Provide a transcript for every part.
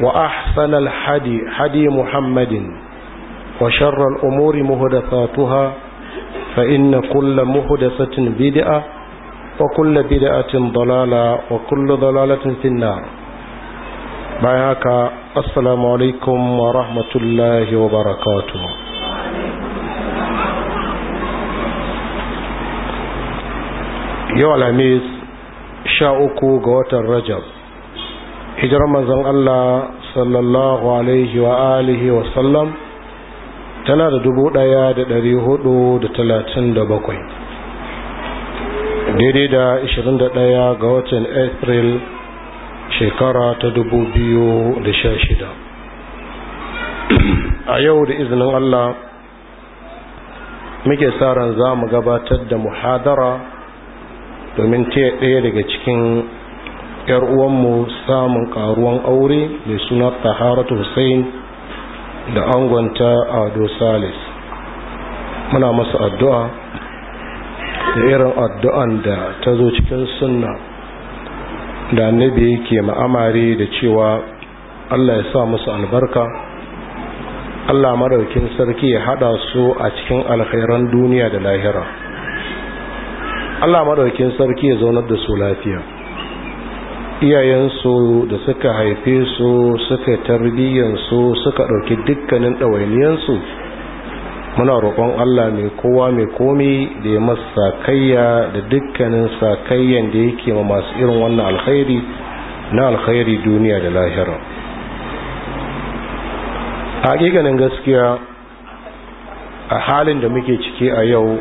وأحسن الحدي حدي محمد وشر الأمور مهدثاتها فإن كل مهدثة بدعة وكل بدعة ضلالة وكل ضلالة في النار بياك السلام عليكم ورحمة الله وبركاته يا الخميس شاوكو uku ga hijiran manzon Allah sallallahu alaihi wa alihi wa sallam tana da dubu daya da dari hudu da talatin da bakwai daidai da ishirin da daya ga watan april shekara ta dubu biyu da sha shida a yau da izinin Allah muke sa ran za mu gabatar da muhadara domin taya ɗaya daga cikin yar uwanmu samun karuwan aure mai suna taharatu hussein da angonta ado salis muna masa addu'a da irin addu'an da ta zo cikin sunna da annabi yake ma'amari da cewa allah ya sa musu albarka allah maraukin sarki ya hada su a cikin alkhairan duniya da lahira allah maraukin sarki ya zaunar da su lafiya iyayensu da suka haife su suka tarbiyyansu suka ɗauki dukkanin ɗawainiyansu muna roƙon Allah mai kowa mai komi da ya masa kayya da dukkanin sakayyan da yake ma masu irin wannan alkhairi na alkhairi duniya da lahira a ganin gaskiya a halin da muke ciki a yau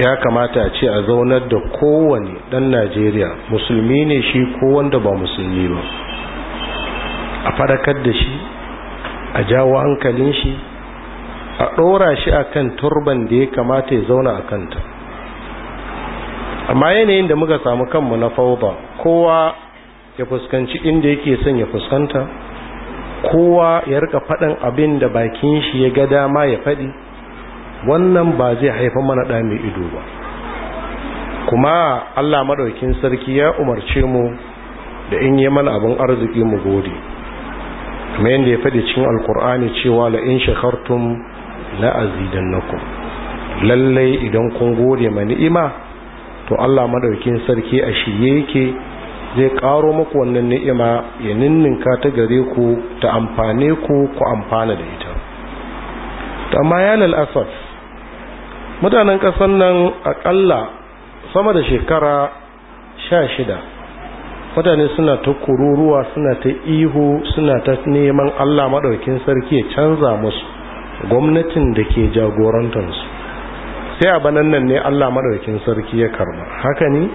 ya kamata a ce a zaunar da kowane dan najeriya musulmi ne shi ko wanda ba musulmi ba a farakar da shi a jawo hankalin shi a ɗora shi a kan turban da ya kamata ya zauna a kanta amma yanayin da muka samu kanmu na ba kowa ya fuskanci inda yake son ya fuskanta kowa ya rika faɗin abin da bakin shi ya ga dama ya faɗi wannan ba zai haifa mana ɗa mai ido ba kuma allah maɗaukin sarki ya umarce mu da in yi mana abin arziki mu gode kuma yadda ya faɗi cikin alkur'ani cewa la in shakartum la azidannakum lallai idan kun gode ma ni'ima to allah maɗaukin sarki a shiye yake zai ƙaro muku wannan ni'ima ya ninninka ta gare ku ta amfane ku ku amfana da ita amma ya lalasaf mutanen kasan nan akalla sama da shekara sha shida mutane suna ta kururuwa suna ta ihu suna ta neman allah maɗaukin sarki ya canza musu gwamnatin da ke jagorantarsu sai a banan nan ne allah maɗaukin sarki ya karba haka ne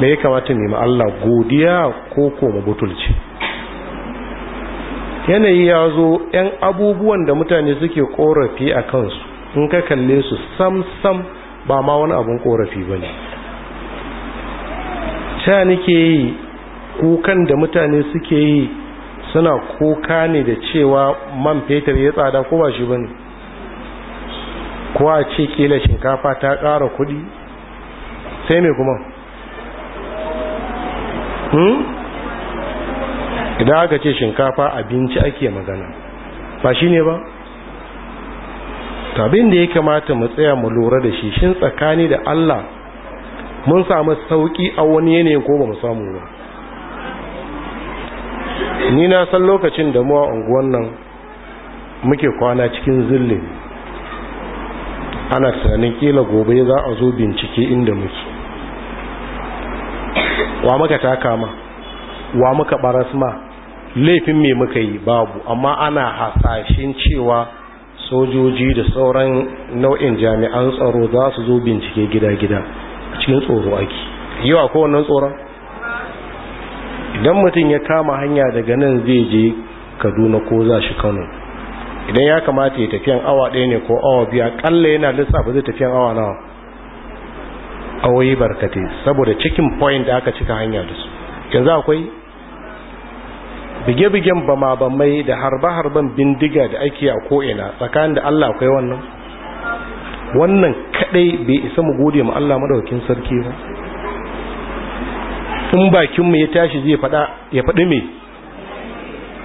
me ya kamata nemi allah godiya ko koma butulci yanayi ya zo 'yan abubuwan da mutane suke korafi a kansu in ka kalle su sam sam ba ma wani abun korafi ba ne sha nake yi kukan da mutane suke yi suna kuka ne da cewa man fetur ya tsada ko ba shi ba ne kowa ce kila shinkafa ta ƙara kudi sai mai kuma hmm? idan aka ce shinkafa abinci ake magana ba shi ne ba tabin da ya kamata mu tsaya mu lura da shi shin tsakani da Allah mun samu sauki a wani yanayin ko ba mu samu ba ni na san lokacin da mu a unguwan nan muke kwana cikin zille ana tunanin kila gobe za a zo bincike inda muke wa muka taka ma wa muka baras ma laifin me muka yi babu amma ana hasashen cewa sojoji da sauran nau'in jami'an tsaro za su zo bincike gida-gida a cikin tsoro ake yi wa kowannan tsoron idan mutum ya kama hanya daga nan zai je kaduna ko za shi kano idan ya kamata ya tafiyan awa ɗaya ne ko awa biya ƙalla yana lissafa zai tafiyan awa nawa awoyi barkatai saboda cikin point da aka cika hanya da su yanzu akwai bige-bigen ba ma ba mai da harbe-harben bindiga da ake a ko'ina tsakanin da Allah akwai wannan wannan kadai bai isa mu gode ma Allah madaukin sarki ba in bakin mu ya tashi zai fada ya fadi me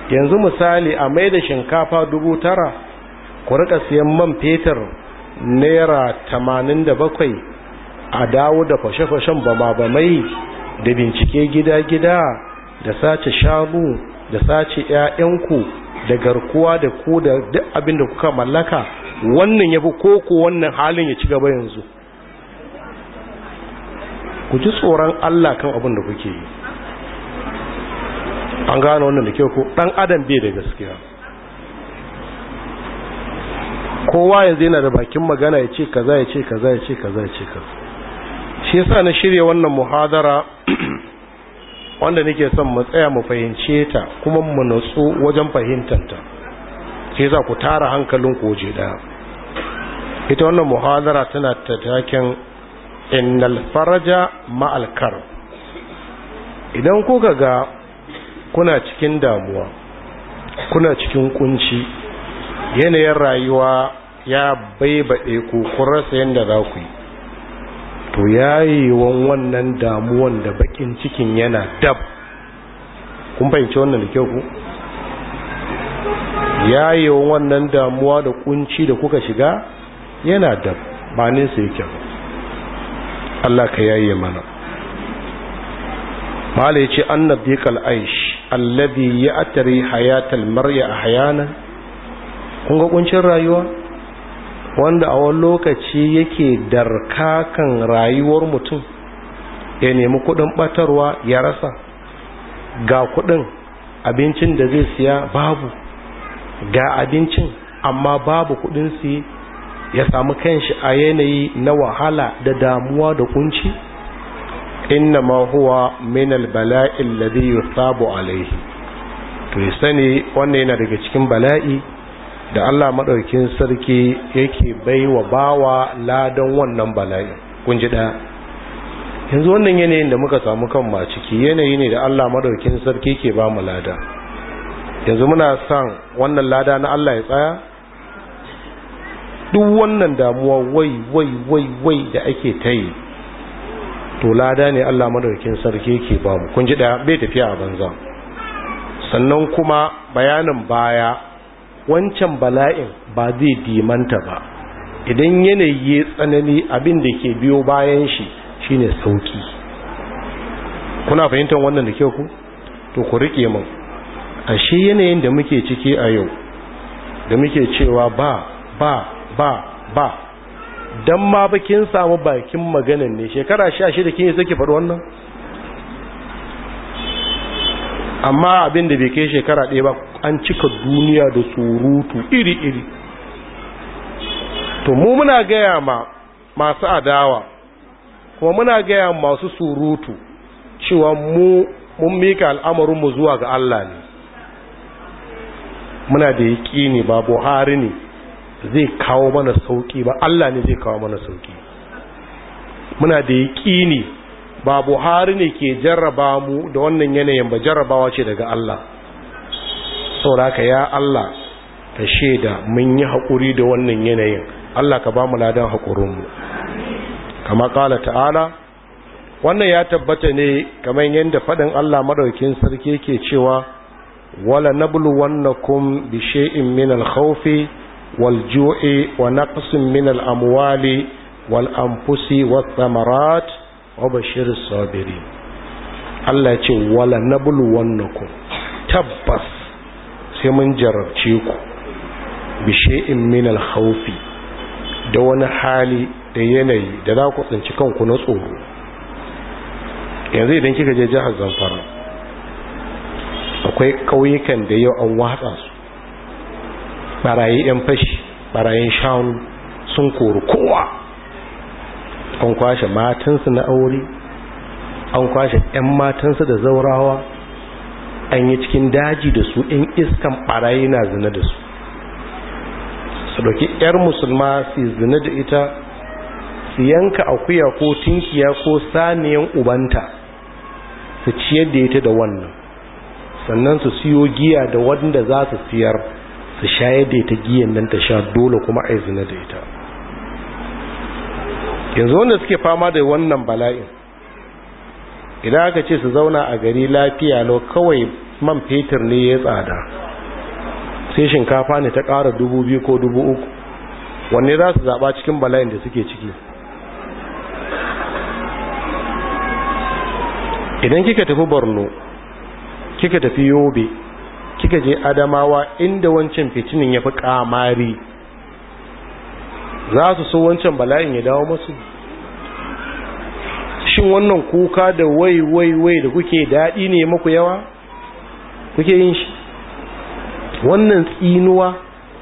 yanzu misali a mai da shinkafa dubu tara ku rika siyan man fetur naira tamanin da bakwai a dawo da fashe-fashen ba ma ba mai da bincike gida-gida da sace shago. da sace ƴaƴanku da garkuwa da ku da duk abin da kuka mallaka wannan yafi koko wannan halin ya ci gaba yanzu ku ji tsoron Allah kan abin da kuke yi an gano wannan da kyau ko dan adam bai da gaskiya kowa yanzu yana da bakin magana ya ce kaza ya ce kaza ya ce kaza ya ce kaza shi yasa na shirya wannan muhadara wanda nake son mu tsaya mu fahimce ta kuma mu nutsu wajen fahimtar ta sai za ku tara hankalin ku je daya ita wannan muhadara tana ta taken innal faraja ma'al idan kuka ga kuna cikin damuwa kuna cikin kunci yanayin rayuwa ya baibaɗe ku kurasa rasa yadda za ku yi to yayewan wannan damuwan da bakin cikin yana dab kun fahimci wannan da kyau ku yayewan wannan damuwa da kunci da kuka shiga yana dab ba nesa yake Allah ka yaye mana mala yace annabi kal aish alladhi ya'tari hayatal a ahyana kun ga kuncin rayuwa wanda a wani lokaci yake darka kan rayuwar mutum ya nemi kudin batarwa ya rasa ga kudin abincin da zai siya babu ga abincin amma babu kudin su ya samu kanshi a yanayi na wahala da damuwa da kunci inna ma huwa min albala'il ladhi yusabu alayhi to sani wannan yana daga cikin bala'i da Allah madaukin sarki yake baiwa bawa ladan wannan bala'i kun ji da yanzu wannan yanayin da muka samu kan ma ciki yanayi ne da Allah madaukin sarki ke ba mu lada yanzu muna san wannan lada na Allah ya tsaya duk wannan damuwa wai wai wai wai da ake ta yi to lada ne Allah madaukin sarki ke ba mu kun ji da bai tafiya a banza sannan kuma bayanin baya wancan bala'in ba zai dimanta ba idan yanayi ya tsanani abin da ke biyo bayan shi shine sauki kuna fahimtar wannan da kyau ku to ku rike min ashe yanayin da muke ciki a yau da muke cewa ba ba ba ba dan ma ba samu bakin maganan ne shekara 16 kin yi sake faru wannan amma abin da bai kai shekara ɗaya ba an cika duniya da surutu iri-iri to mu muna gaya ma masu adawa kuma muna gaya masu surutu cewa mu mun mika al'amarinmu zuwa ga Allah ne muna da yaki ne ba buhari ne zai kawo mana sauƙi ba Allah ne zai kawo mana sauki muna da yaki ne ba buhari ne ke jarraba mu da wannan yanayin ba jarrabawa ce daga Allah sauraka ya Allah ta shaida mun yi haƙuri da wannan yanayin Allah ka ba mu ladan haƙurinmu kama ƙala ta'ala wannan ya tabbata ne kamar yadda faɗin Allah maɗaukin sarki ke cewa wala na wannan kun bi shay'in min al wal ju'i wa naqsin min al-amwali wal amfusi wa wa bashir sabiri Allah ce wala nablu wannaku, tabbas sai mun jarabce ku bi shay'in min da wani hali da yanayi da za ku tsinci kanku na tsoro yanzu idan kika je jihar Zamfara akwai ƙauyukan da yau an watsa su barayi yan fashi barayin shanu sun kori kowa an kwashe matansu na aure an kwashe 'yan matansu da zaurawa an yi cikin daji da su in iskan ɓarayi na zina da su su ɗauki 'yar musulma su zina da ita su yanka akuya ko tinkiya ko saniyan ubanta su ciyar da ita da wannan sannan su siyo giya da wanda za su siyar su shayar da ita giyan nan ta sha dole kuma a zina da ita yanzu wanda suke fama da wannan bala'in idan aka ce su zauna a gari lafiya lau kawai man fetur ne ya tsada sai shinkafa ne ta ƙara dubu biyu ko dubu uku wanne za su zaɓa cikin bala'in da suke ciki idan kika tafi borno kika tafi yobe kika je adamawa inda wancan fitinin ya fi ƙamari za su so wancan bala'in ya dawo masu shin wannan kuka da wai wai wai da kuke daɗi ne maku yawa kuke yin shi wannan tsinuwa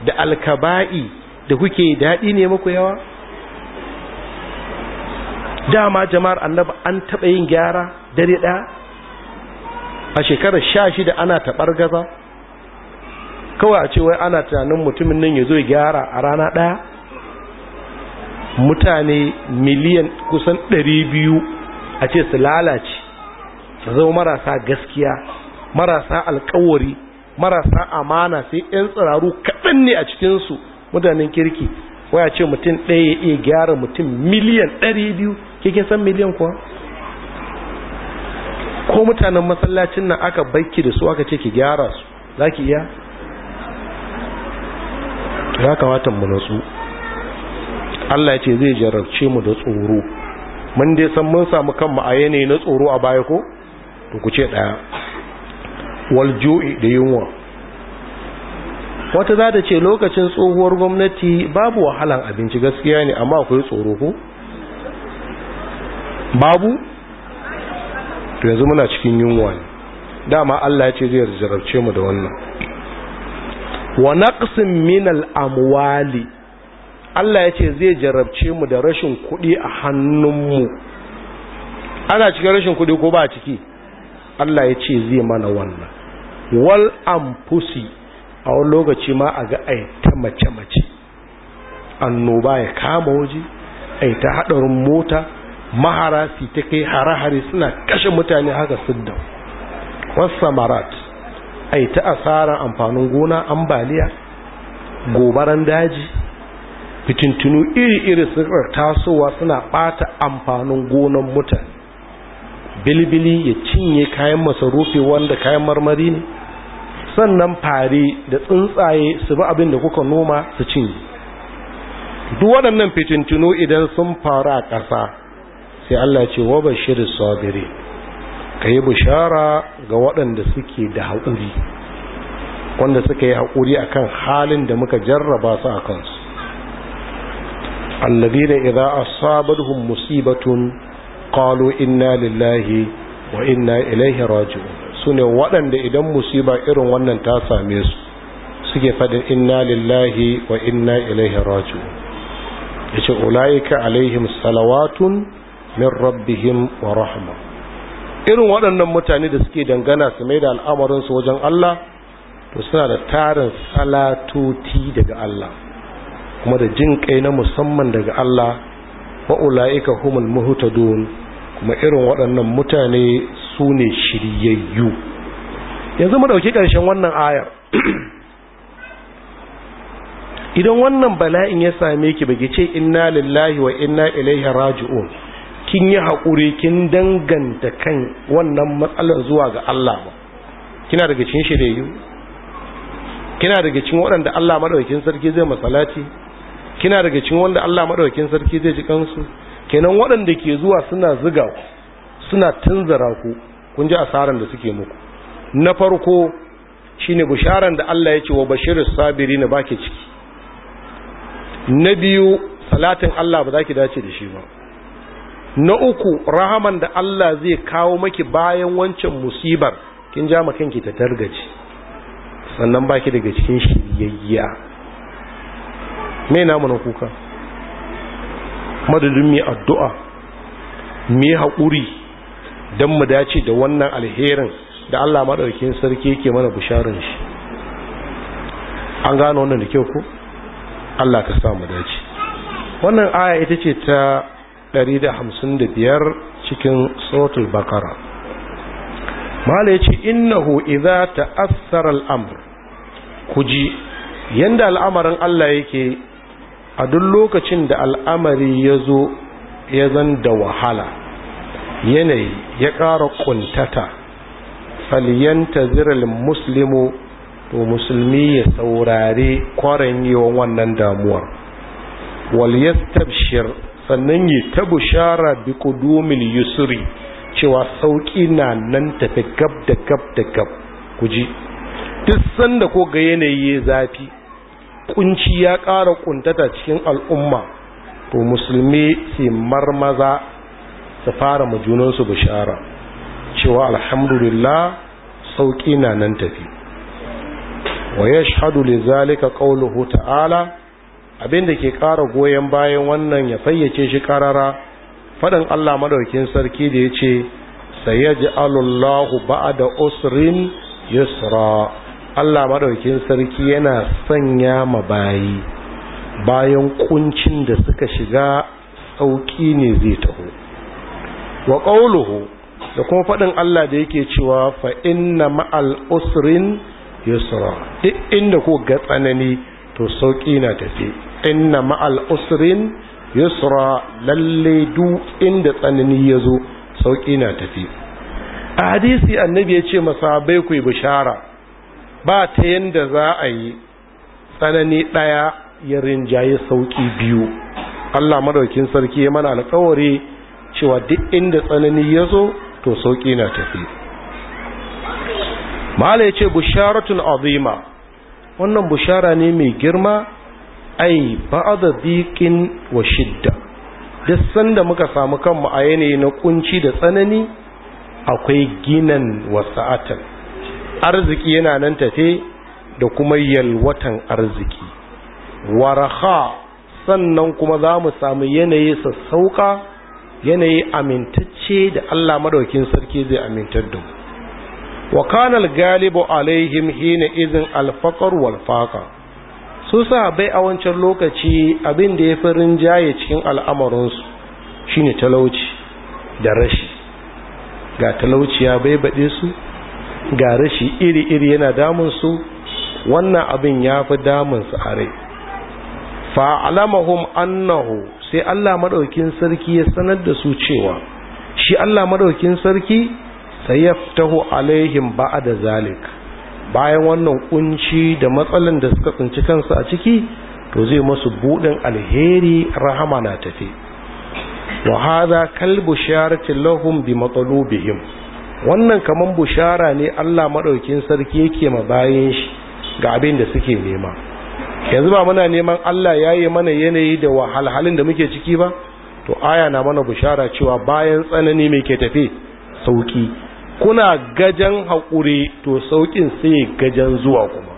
da alkaba'i da kuke daɗi ne maku yawa dama jama'ar annaba an taɓa yin gyara dare ɗaya a shekarar sha shida ana taɓar gaza kawai a cewa ana tunanin mutumin nan ya zo gyara a rana ɗaya mutane miliyan kusan 200 a ce su lalace su zama marasa gaskiya marasa alkawari marasa amana sai 'yan tsiraru kaɗan ne a cikinsu mutanen kirki waya ce mutum ɗaya ya iya gyara mutum miliyan 200 kike san miliyan kuwa ko mutanen masallacin nan aka baiki da su aka ce ki gyara su za ki iya ya kamata mu nutsu Allah ya ce zai jarabce mu da tsoro mun dai san mun samu kanmu a yanayi na tsoro a baya ko to ku ce daya wal ju'i da yunwa wata za ta ce lokacin tsohuwar gwamnati babu wahalan abinci gaskiya ne amma akwai tsoro ko babu to yanzu muna cikin yunwa ne dama Allah ya ce zai jarabce mu da wannan wa naqsin min al amwali Allah ya ce zai jarabce mu da rashin kuɗi a hannunmu ana cikin rashin kuɗi ko ba ciki Allah ya ce zai mana wannan wal amfusi a wani lokaci ma a ga aita mace-mace annoba ya kama waje aita ta haɗarin mota mahara su ta kai hare-hare suna kashe mutane haka sidda wasu marat aita ta asarar amfanin gona ambaliya gobaran daji fitintunu iri-iri suka tasowa suna bata amfanin gonan mutan, bilibili ya cinye kayan masarufi wanda kayan marmari ne sannan fari da tsuntsaye su bi abin da kuka noma su cinye duk waɗannan fitintunu idan sun faru a ƙasa sai Allah ce wa bashir sabiri ka yi bishara ga waɗanda suke da haƙuri wanda suka yi haƙuri a kan halin da muka jarraba su a kansu alladhina idza asabathum musibatun qalu inna lillahi wa inna ilaihi raji'un sune waɗanda idan musiba irin wannan ta same su suke fadin inna lillahi wa inna ilaihi raji'un yace ulaika alaihim salawatun min rabbihim wa rahma irin waɗannan mutane da suke dangana su mai da al'amarin wajen Allah to suna da tarin salatoti daga Allah kuma da jin kai na musamman daga Allah wa'ula'ika humul muhtadun kuma irin waɗannan mutane su ne shiryayyu yanzu mu dauki ƙarshen wannan ayar idan wannan bala'in ya same ki baki ce inna lillahi wa inna ilaihi raji'un kin yi haƙuri kin danganta kan wannan matsalar zuwa ga Allah ba kina daga cikin shiryayyu kina daga cikin waɗanda Allah madaukakin sarki zai masalati kina daga cikin wanda Allah madaukakin sarki zai ji kansu kenan waɗanda ke zuwa suna ziga suna tunzara ku kun ji asaran da suke muku na farko shine bisharan da Allah ya ce wa bashirin sabirin ba baki ciki na biyu salatin Allah ba za ki dace da shi ba na uku rahaman da Allah zai kawo maki bayan wancan musibar kin ja kanki ta targaci sannan baki daga cikin shiryayya me namu na kuka madadin mai addu'a mai haƙuri don mu dace da wannan alherin da Allah maɗaukin sarki yake mana bisharar shi an gano wannan da kyau ku Allah ka sa mu dace wannan aya ita ce ta 155 cikin suratul bakara mahala ya ce innahu idza al’amur ku ji yadda al'amarin Allah yake a duk lokacin da al'amari ya zo ya zan da wahala yanayi ya ƙara ƙuntata saliyanta ziral muslimu to musulmi ya saurari yi wa wannan damuwar waliyastabshir sannan yi ta bushara bi kudumil yusuri cewa sauƙi na nan tafi gab da gab da gab ku ji duk sanda ko ga yanayi zafi kunci ya ƙara ƙuntata cikin al'umma to musulmi sai marmaza su fara majunansu bishara cewa alhamdulillah sauƙi na nan tafi wa ya shahadu li zalika qawluhu ta'ala abinda ke ƙara goyon bayan wannan ya fayyace shi ƙarara faɗin Allah madaukin sarki da ya ce sayaj'alullahu ba'da usrin yusra Allah maɗaukin sarki yana sanya ma bayi bayan kuncin da suka shiga sauƙi ne zai taho wa qawluhu da kuma faɗin Allah da yake cewa fa inna ma'al usrin yusra duk inda ko ga tsanani to sauƙi na tafi inna ma'al usrin yusra lalle duk inda tsanani yazo sauƙi na tafi a hadisi annabi ya ce bai ku bishara ba ta yanda za a yi tsanani ɗaya ya rinjaye sauƙi biyu allah madaukin sarki ya mana alkawari cewa duk inda tsanani ya zo to sauƙi na tafi Malam ya ce busharatun azima wannan bushara ne mai girma ai da zikin wa shidda duk sanda muka samu kanmu a yanayi na kunci da tsanani akwai ginan wasa'atan arziki yana nan tafe da kuma yalwatan arziki waraha sannan kuma za mu samu yanayi sassauka yanayi amintacce da Allah madaukin sarki zai amintar da mu wa kana al-galibu alaihim hina idhin al-faqr wal faqa su sahabbai a wancan lokaci abin da yafi rinjaye cikin al'amarin su shine talauci da rashi ga talauci ya bai bade su ga rashi iri-iri yana damunsu wannan abin ya fi damunsu a rai fa'alamahum annahu sai Allah maɗaukin sarki ya sanar da su cewa shi Allah maɗaukin sarki sai ya fitaho alaihim ba'a da zalik bayan wannan kunci da matsalan da suka tsinci kansu a ciki to zai masu buɗin alheri rahama na tafi wa hadha kalbu sharatin lahum bi matsalubihim wannan kamar bushara ne Allah madaukin sarki yake ma bayan shi ga abin da suke nema yanzu ba muna neman Allah ya yi mana yanayi da wahalhalin da muke ciki ba to aya na mana bushara cewa bayan tsanani mai ke tafi sauki kuna gajan haƙuri to saukin sai gajan zuwa kuma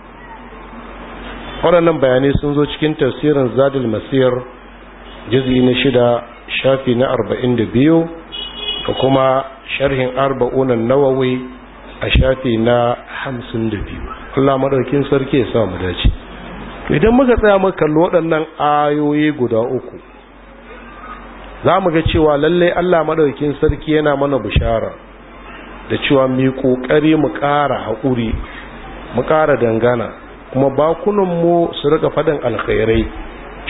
waɗannan bayanai sun zo cikin tasirin zadil masir jizgi na shida shafi na arba'in da biyu da kuma sharhin arba'una nawawi a shafi na hamsin da biyu Allah madaukin sarki ya sa dace idan muka tsaya muka kallo waɗannan ayoyi guda uku za mu ga cewa lallai Allah madaukin sarki yana mana bishara da cewa mu kokari mu ƙara haƙuri mu ƙara dangana kuma bakunan mu su rika faɗin alkhairai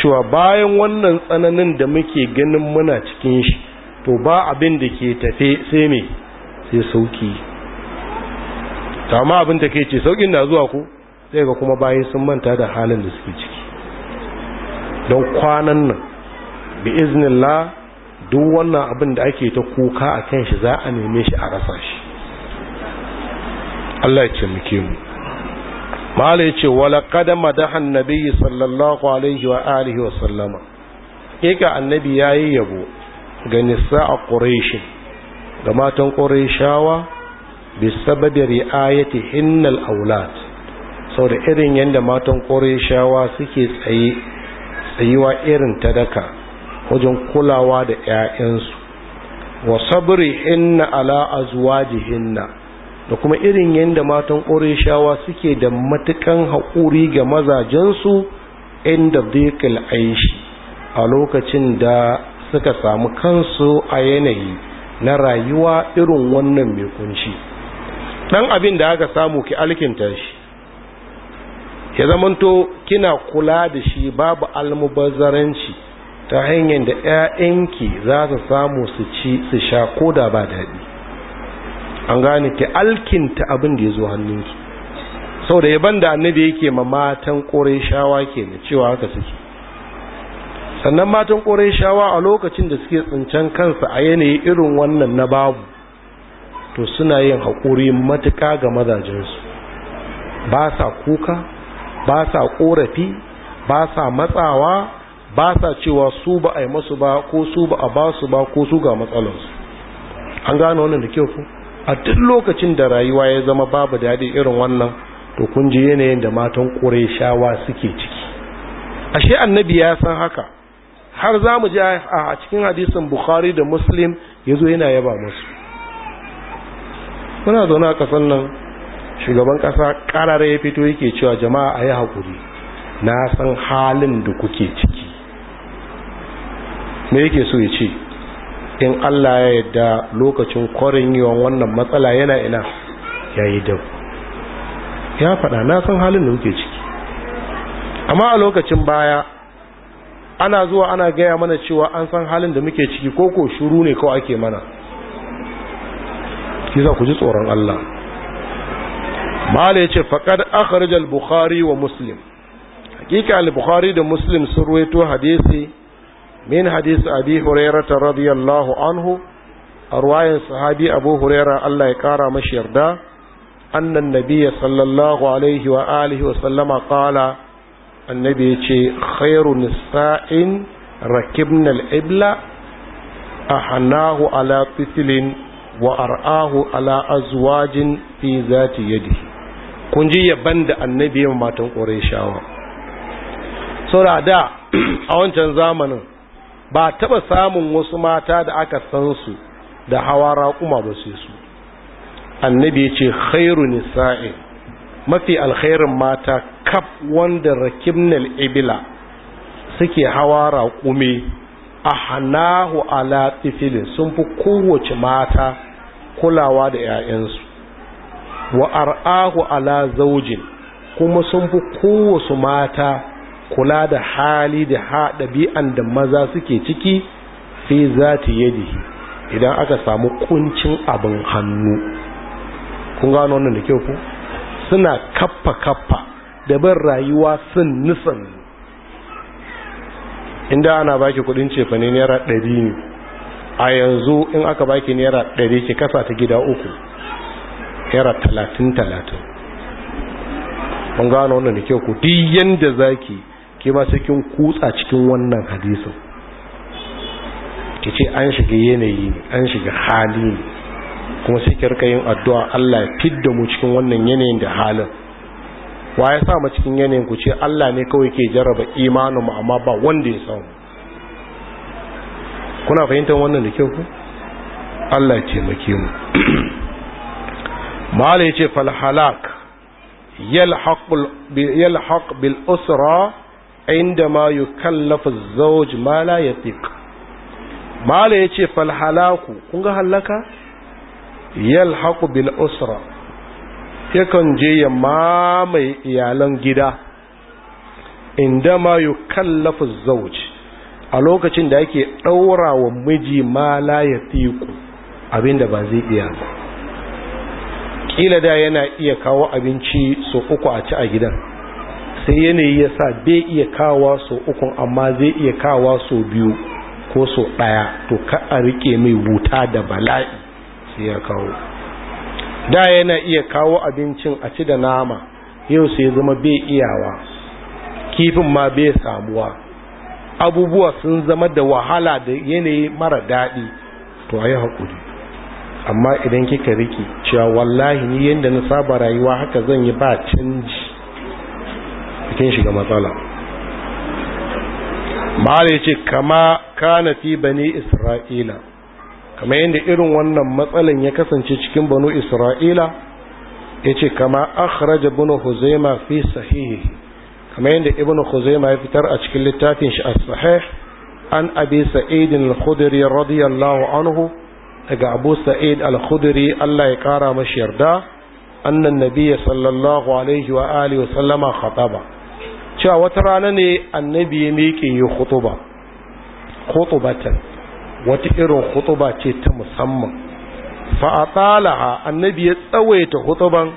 cewa bayan wannan tsananin da muke ganin muna cikin shi to ba abin da ke tafe sai me sai sauki kama abin da ke ce saukin na zuwa ku sai ga kuma bayan sun manta da halin da suke ciki don kwanan nan bi iznillah duk wannan abin da ake ta kuka a kan shi za a neme shi a rasa shi Allah ya ce muke mu mala ya ce wala kada da nabiyyi sallallahu alaihi wa alihi wa sallama kika annabi yayi yabo ga nisa a ƙureshin ga matan ƙureshawa bisababi ri'ayati hinnal aulat sau da irin yadda matan ƙureshawa suke tsaye tsayuwa irin ta daka wajen kulawa da 'ya'yansu wa sabri hinna ala hinna da kuma irin yadda matan ƙureshawa suke da matukan haƙuri ga mazajensu inda dhikil aishi a lokacin da suka samu kansu a yanayi na rayuwa irin wannan mai kunci ɗan abin da aka samu ki alkinta shi ya zamanto kina kula da shi babu almubazzaranci ta hanyar da 'ya'yanki za su samu su ci su sha koda ba daɗi an gane ki alkinta abin da ya zo hannunki sau da yaban da annabi yake ma matan ƙorai shawa ke cewa haka suke sannan matan shawa a lokacin da suke tsincen kansa a yanayi irin wannan na babu to suna yin haƙuri matuka ga mazajensu ba sa kuka ba sa ƙorafi ba sa matsawa ba sa cewa su ba a yi masu ba ko su ba a ba su ba ko su ga matsalarsu an gane wannan da kyau a duk lokacin da rayuwa ya zama babu daɗi irin wannan to kun ji yanayin da matan shawa suke ciki ashe annabi ya san haka har za mu ji a cikin hadisin bukhari da muslim ya zo yana yaba musu muna zaune a kasan nan shugaban kasa ƙarara ya fito yake cewa jama'a a yi haƙuri na san halin da kuke ciki me yake so ya ce in allah ya yadda lokacin kwarin yiwon wannan matsala yana ina ya yi dau ya faɗa na san halin da kuke ciki amma a lokacin baya ana zuwa ana gaya mana cewa an san halin da muke ciki ko ko shuru ne kawai ake mana za ku ji tsoron Allah mala yace faqad akhraj al-bukhari wa muslim hakika al-bukhari da muslim sun ruwaito hadisi min hadisi abi hurairah radiyallahu anhu arwayan sahabi abu huraira Allah ya kara mashi yarda annan nabiyya sallallahu alaihi wa alihi wa sallama qala annabi ya ce khairu nisa'in rakibnal ibla a hannahu ala fitilin wa ar'ahu ala azwajin fi zati yadi kun ji yaban da annabi ya matan ƙorishawa sau da a wancan zamanin ba taɓa samun wasu mata da aka san su da hawa raƙuma ba sai su annabi ya ce khairu nisa'in mafi alkhairun mata kaf wanda rakimnal ibila suke hawa raƙumi, a hanahu ala tifilin sun fi kowace mata kulawa da 'ya'yansu wa ar'ahu ala zaujin kuma sun fi kowace mata kula da hali da haɗabi'an da maza suke ciki fi zati yadi idan aka samu kuncin abin hannu kun gano wannan da kyau ku suna kappa kappa da bar rayuwa sun nufin inda ana baki kudin cefane ne naira ɗari ne a yanzu in aka baki naira ɗari ki kasa ta gida uku naira talatin talatin kun gano wannan da kyau ku duk yanda zaki ke ba kutsa cikin wannan hadisun ki ce an shiga yanayi ne an shiga hali ne kuma sai ki rika yin addu'a Allah ya fidda mu cikin wannan yanayin da halin wa ya sa mu cikin yanayin ku ce Allah ne kawai ke jarraba imanin mu amma ba wanda ya samu kuna fahimtar wannan da kyau ku Allah ce make mu mala yace fal halak yalhaq yalhaq bil usra indama yukallafu az-zawj ma la yatiq mala yace fal halaku kun ga halaka yalhaq bil usra yakan je ya mamaye iyalan gida inda ma yi kallafa zauji a lokacin da ake ɗaurawa miji ma la ya abinda ba zai iya ba ƙila da yana iya kawo abinci so uku a ci a gidan sai yanayi ya sa bai iya kawo so uku amma zai iya kawo so biyu ko so ɗaya to ka a riƙe mai wuta da bala'i sai ya kawo da yana iya kawo abincin a ci da nama yau sai zama bai iyawa kifin ma bai samuwa abubuwa sun zama da wahala da yanayi mara daɗi to a yi haƙuri amma idan kika riki cewa wallahi ni yadda na saba rayuwa haka zan yi ba canji cikin shiga matsala ma'ala ya ce kama kana fi bani isra'ila kama yadda irin wannan matsalan ya kasance cikin banu isra'ila ya ce kama akhraja bin huzaima fi sahihi kama yadda Ibnu huzaima ya fitar a cikin littafin shi as-sahih an abi sa'id al-khudri radiyallahu anhu daga abu sa'id al-khudri Allah ya kara mashi yarda annan nabiyyi sallallahu alaihi wa alihi wa sallama khataba cewa wata rana ne annabi ya miƙe yi khutuba khutubatan wata irin hutuba ce ta musamman fa'atalaha annabi ya tsawaita hutuban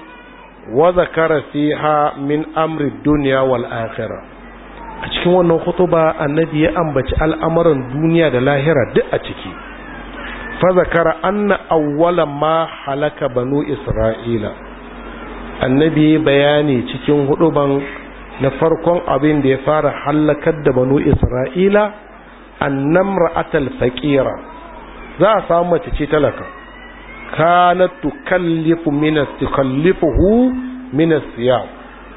wa zakara fiha min amri dunya wal akhirah a cikin wannan hutuba annabi ya ambaci al'amuran duniya da lahira duk a ciki fa zakara anna awwala ma halaka banu isra'ila annabi bayani cikin hutuban na farkon abin da ya fara halakar da banu isra'ila annamra atal faqira za a samu mace ce talaka kanat tukallifu min tukallifuhu min asiyab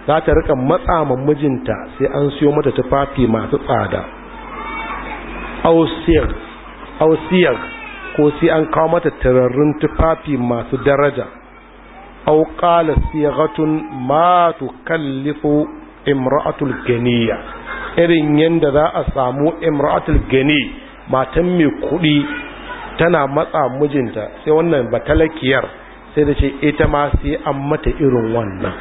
za ta rika matsa ma mijinta sai an siyo mata tufafi masu tsada Ausiyar ko sai an kawo mata tararrun tufafi masu daraja aw qala sigatun ma tukallifu imra'atul ganiya irin yadda za a samu imratul gani matan mai kuɗi tana matsa mijinta sai wannan batalakiyar sai da ce ita ma sai an mata irin wannan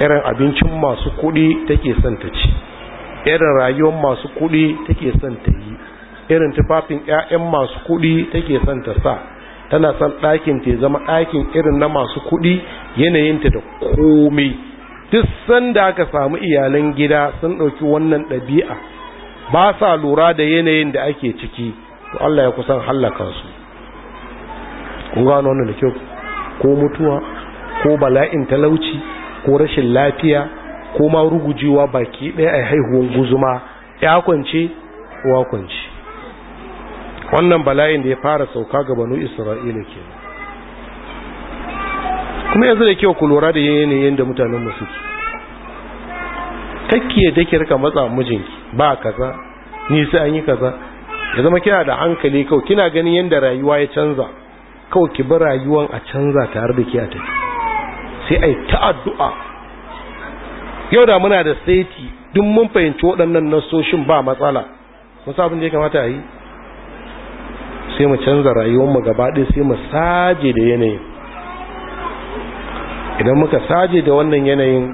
irin abincin masu kuɗi take son ta ci irin rayuwar masu kuɗi take son ta yi irin tufafin 'ya'yan masu kuɗi take son ta sa tana son ɗakin ta zama ɗakin irin na masu kuɗi yanayinta da komai duk sanda aka samu iyalan gida sun ɗauki wannan ɗabi'a ba sa lura da yanayin da ake ciki to Allah ya kusan hallaka su kun gano wannan da kyau ko mutuwa ko bala'in talauci ko rashin lafiya ko ma rugujewa baki ɗaya a haihuwan guzuma ya kwance wa kwance wannan bala'in da ya fara sauka ga banu isra'ila kenan kuma yanzu da kyau ku lura da yanayin da mutanen mu suke kakkiye da ki rika matsa mijinki ba kaza ni sai an yi kaza ya zama kina da hankali kawai kina ganin yadda rayuwa ya canza kawai ki bi rayuwan a canza tare da ke a tafi sai ai ta'addu'a yau da muna da saiti duk mun fahimci waɗannan nasoshin ba matsala mun da ya kamata a yi sai mu canza rayuwar mu gaba ɗaya sai mu saje da yanayin idan muka saje da wannan yanayin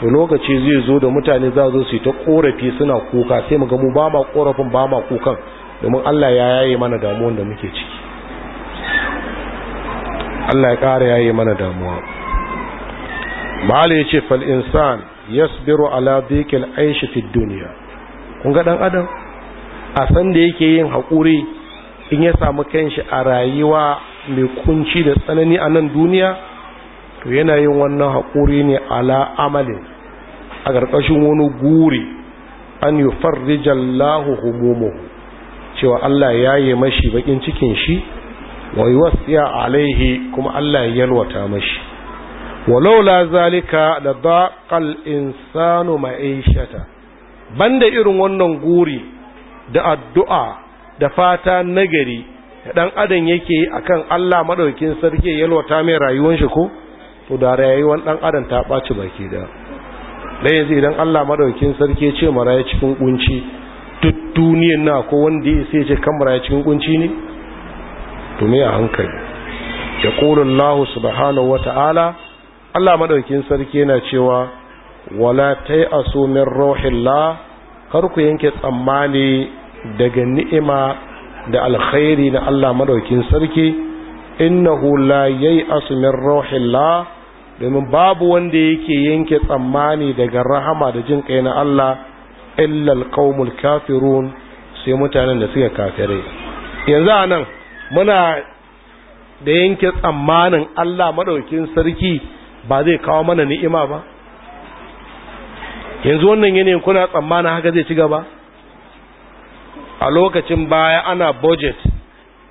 to lokaci zai zo da mutane za zo su ta korafi suna kuka sai mu ga mu ba ma korafin ba ma kukan domin Allah ya yaye mana damuwa da muke ciki Allah ya ƙara yaye mana damuwa malai ce fal insan yasbiru ala dhikil aish fi dunya kun ga dan adam a san da yake yin hakuri in ya samu kanshi a rayuwa mai kunci da tsanani a nan duniya to yana yin wannan haƙuri ne ala amalin a ƙarƙashin wani guri an yi farrijan lahu cewa Allah ya yi mashi bakin cikin shi wai wasiya alaihi kuma Allah ya yalwata mashi la zalika da daƙal insanu ma'aishata banda irin wannan guri da addu'a da fata nagari da ɗan adam yake yi akan Allah maɗaukin sarki yalwata mai rayuwar shi ko to da rayuwar dan adam ta ɓaci baki da dan yanzu idan Allah maɗaukin sarki ya ce maraya cikin kunci duk duniyar na ko wanda ya sai ya ce kan maraya cikin kunci ne to me a hankali ya qulu Allah subhanahu wata'ala Allah maɗaukin sarki yana cewa wala tai'asu min rauhillah kar ku yanke tsammani daga ni'ima da alkhairi na Allah maɗaukin sarki innahu la yai'asu min rauhillah domin babu wanda yake yanke tsammani daga rahama da jin kai na Allah illa alqaumul kafirun sai mutanen da suka kafirai yanzu anan muna da yanke tsammanin Allah madaukin sarki ba zai kawo mana ni'ima ba yanzu wannan yanayin kuna tsammanin haka zai ci gaba a lokacin baya ana budget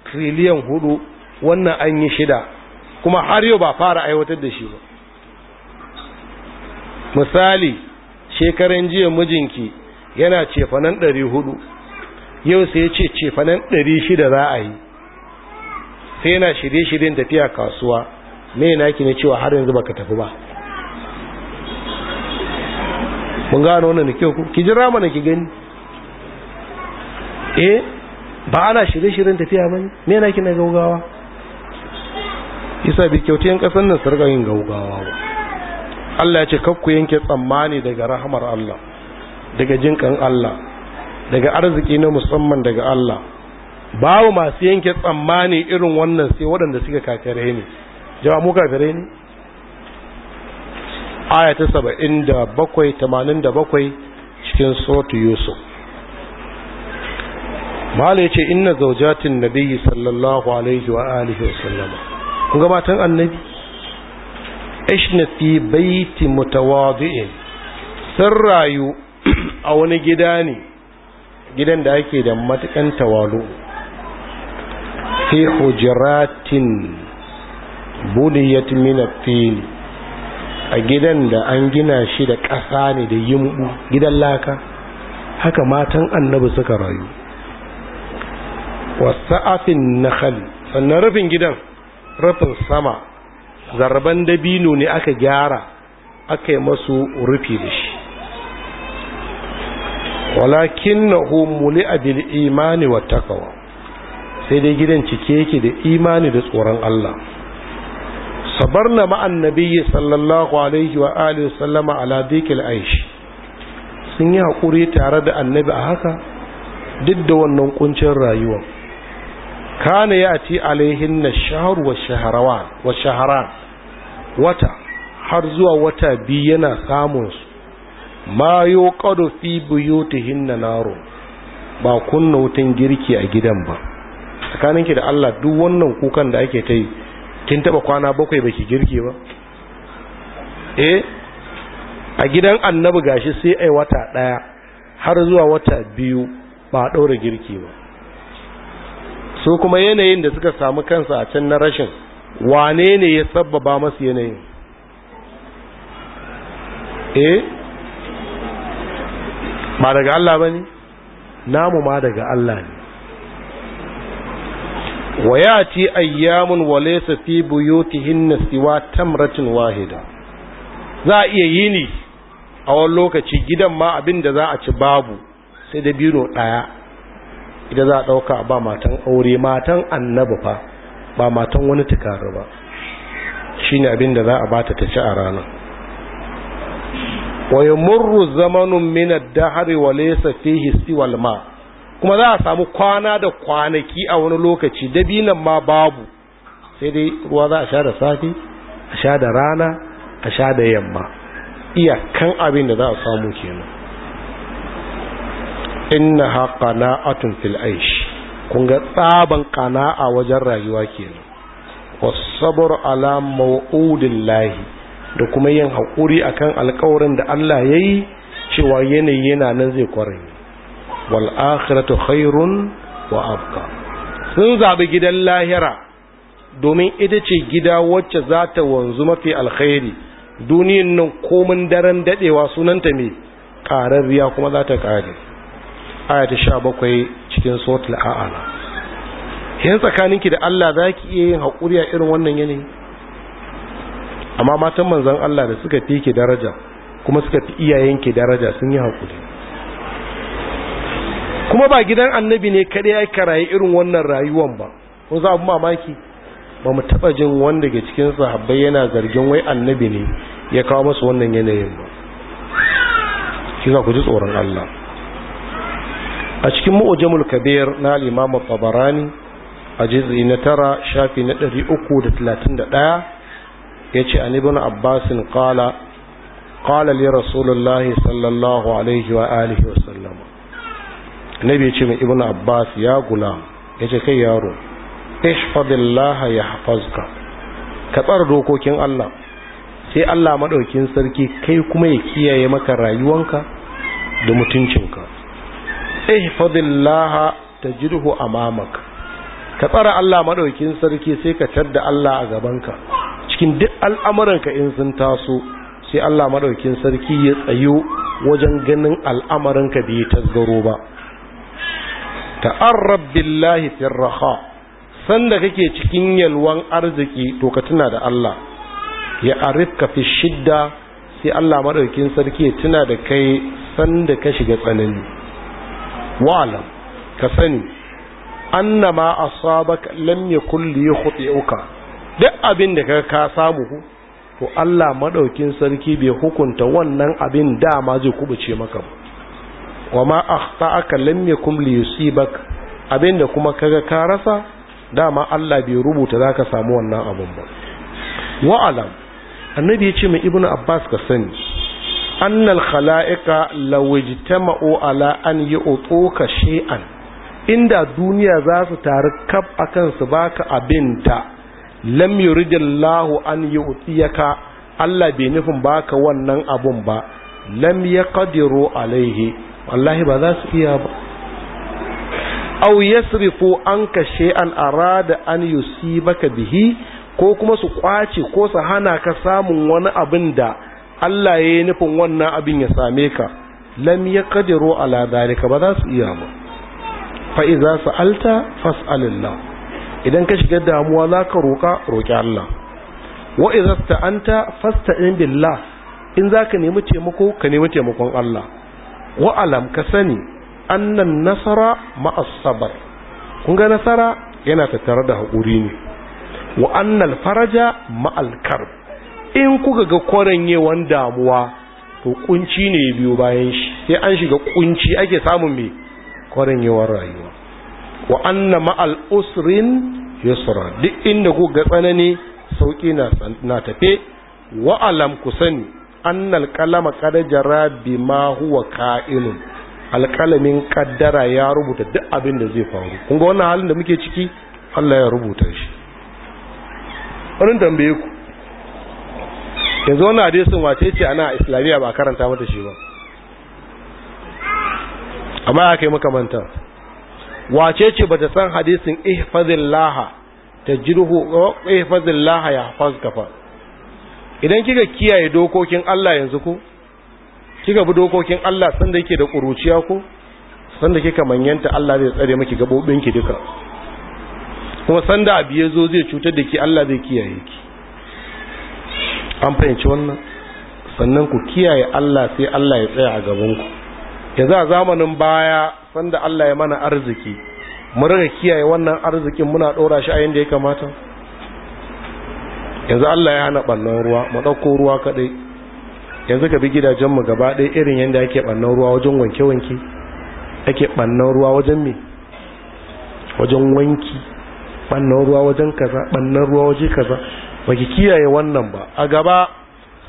triliyan hudu wannan an yi shida kuma har yau ba fara aiwatar da shi ba misali shekaran jiya mijinki yana cefanen ɗari hudu yau sai ya ce cefanen ɗari shida za a yi sai yana shirye-shiryen tafiya kasuwa me na kina cewa har yanzu baka tafi ba mun gano wani da kyau ku ki jira mana ki gani eh ba ana shirye-shiryen tafiya ba me na yana na gaugawa isa bi kyautu yan kasan nan sarƙa yin gaugawa ba Allah ya ce kakku yanke tsammani daga rahamar Allah daga jinkan Allah daga arziki na musamman daga Allah babu masu yanke tsammani irin wannan sai waɗanda suka kafirai ne Jam'a mu kafirai ne aya ta saba'in da bakwai tamanin da bakwai cikin sotu yusuf mahala ya ce inna zaujatin nabi sallallahu alaihi wa alihi wa sallama kun ga matan annabi ishna fi baiti mutawadi'in sun rayu a wani gida ne gidan da ake da matakan tawalu fi hujratin buniyat min tin a gidan da an gina shi da ƙasa ne da yimbu gidan laka haka matan annabi suka rayu wasa'afin nakhal sannan rufin gidan rufin sama zarban dabino ne aka gyara aka yi masu rufi da shi walakin na homuli abin imani wa takawa sai dai gidan cike yake da imani da tsoron Allah Sabar na ma'an nabiyyi sallallahu alaihi wa alihi sallama ala dikil aishi sun yi haƙuri tare da annabi a haka duk da wannan kuncin rayuwa kana ya ati alaihin na shahar wa shahara wata har zuwa wata biyu yana samun su ma yo kado fi buyutihin na naro ba kunna wutan girki a gidan ba tsakaninki da Allah duk wannan kukan da ake ta yi kin taba kwana bakwai baki girki ba eh a gidan annabi gashi sai ai wata daya har zuwa wata biyu ba a daura girki ba su kuma yanayin da suka samu kansa a can na rashin wane ne ya sabbaba masu yanayin eh ba daga Allah ba ne namu ma daga Allah ne wa ya ci ayyamun su fi ta na siwa tamratin wahida za a iya yi yini a wani lokaci gidan ma abin da za a ci babu sai da biro ɗaya ita za a ɗauka ba matan aure matan annaba fa ba matan wani tukari ba shi ne abin za a bata ta ci a rana. wa murru zamanun min da hari wa lesa fihi siwal ma kuma za a samu kwana da kwanaki a wani lokaci dabinan ma babu sai dai ruwa za a sha da safi a sha da rana a sha da yamma iyakan abin da za a samu kenan innaha qana'atun fil aish kun ga tsaban qana'a wajen rayuwa kenan wasabr ala maw'udillahi da kuma yin haƙuri a kan alƙawarin da Allah ya yi cewa yanayi yana nan zai kware wal akhiratu khairun wa abka. sun zaɓi gidan lahira domin ita ce gida wacce za ta wanzu mafi alkhairi duniyan nan komin daren dadewa sunanta mai ƙararriya kuma za ta ƙare aya ta sha bakwai cikin sotul a'ala yan tsakaninki da Allah za ki iya yin haƙuri a irin wannan yanayi amma matan manzan Allah da suka fi ki daraja kuma suka fi iyayenki daraja sun yi haƙuri kuma ba gidan annabi ne kaɗai ya karayi irin wannan rayuwan ba kun za abu mamaki ba mu taɓa jin wanda ga cikin sahabbai yana zargin wai annabi ne ya kawo masu wannan yanayin ba kisa ku ji tsoron Allah a cikin mu'ujamul kabir na al-imam tabarani a juz'i na tara shafi na 331 yace an ibn abbas qala qala li rasulullahi sallallahu alaihi wa alihi wa sallam nabi yace mai ibn abbas ya gulam yace kai yaro ihfazillah yahfazka ka tsara dokokin Allah sai Allah madaukin sarki kai kuma ya kiyaye maka rayuwanka da mutuncinka ihfadillaha tajiduhu amamak ka tsara Allah madaukin sarki sai ka tarda Allah a gabanka cikin duk ka in sun taso sai Allah madaukin sarki ya tsayo wajen ganin ka bai tasgaro ba ta'arrab billahi firraha sanda kake cikin yalwan arziki to ka tuna da Allah ya arifka fi shidda sai Allah madaukin sarki ya tuna da kai sanda ka shiga tsanani wa'alam ka sani annama asabaka lam yakul li khati'uka duk abin da ka ka samu ku to Allah madaukin sarki bai hukunta wannan abin dama zai kubuce maka wa ma akhta'aka lam yakum li yusibak abinda kuma kaga ka rasa dama Allah bai rubuta zaka samu wannan abin ba wa alam annabi ya ce mai ibnu abbas ka sani annal khala'iqa lawajtama'u ala an yu'tuka shay'an inda duniya za su taru kaf akan su baka abinta lam yuridillahu an yu'tiyaka Allah bai nufin baka wannan abun ba lam yaqdiru alaihi wallahi ba za su iya ba aw yasrifu anka shay'an arada an yusibaka bihi ko kuma su kwace ko su hana ka samun wani abin da Allah ya yi nufin wannan abin ya same ka lam ya kadiro ladari ka ba za su iya ba fa iza sa'alta fas'alillah idan ka shiga damuwa za ka roƙa roƙi Allah wa iza sta'anta billah in za ka nemi taimako ka nemi taimakon Allah wa alam ka sani annan nasara ma'asabar kunga nasara yana tattare da haƙuri ne wa faraja ma'alkar in kuka ga kwaranyewan damuwa to kunci ne biyu bayan shi sai an shiga kunci ake samun mai kwaranyewar rayuwa wa anna ma'al usrin yusra duk inda ku ga tsanani sauki na tafe wa alam ku sani annal qalama qad jara bima huwa ka'ilun Alkalamin kaddara ya rubuta duk abin da zai faru kun ga wannan halin da muke ciki Allah ya rubuta shi wannan tambaye ku yanzu wani hadisin wace ce ana islamiyya ba karanta mata shi ba amma ya kai makamanta wace ce ba ta san hadisin ihfazin Laha ya yahfazka kafa? idan kika kiyaye dokokin Allah yanzu ko kika bi dokokin Allah sanda yake da kuruciya ko sanda kika manyanta Allah zai tsare miki gabobinki duka kuma sanda abiye zo zai cutar da ki Allah zai kiyaye ki an fahimci wannan sannan ku kiyaye Allah sai Allah ya tsaya a gaban ku yanzu a zamanin baya sanda Allah ya mana arziki mu riga kiyaye wannan arzikin muna dora shi a yanda ya kamata yanzu Allah ya hana bannan ruwa mu dauko ruwa kadai yanzu ka bi gidajen mu gaba ɗaya irin yanda ake bannan ruwa wajen wanke-wanke ake bannan ruwa wajen me wajen wanki bannan ruwa wajen kaza bannan ruwa waje kaza Baki kiyaye wannan ba a gaba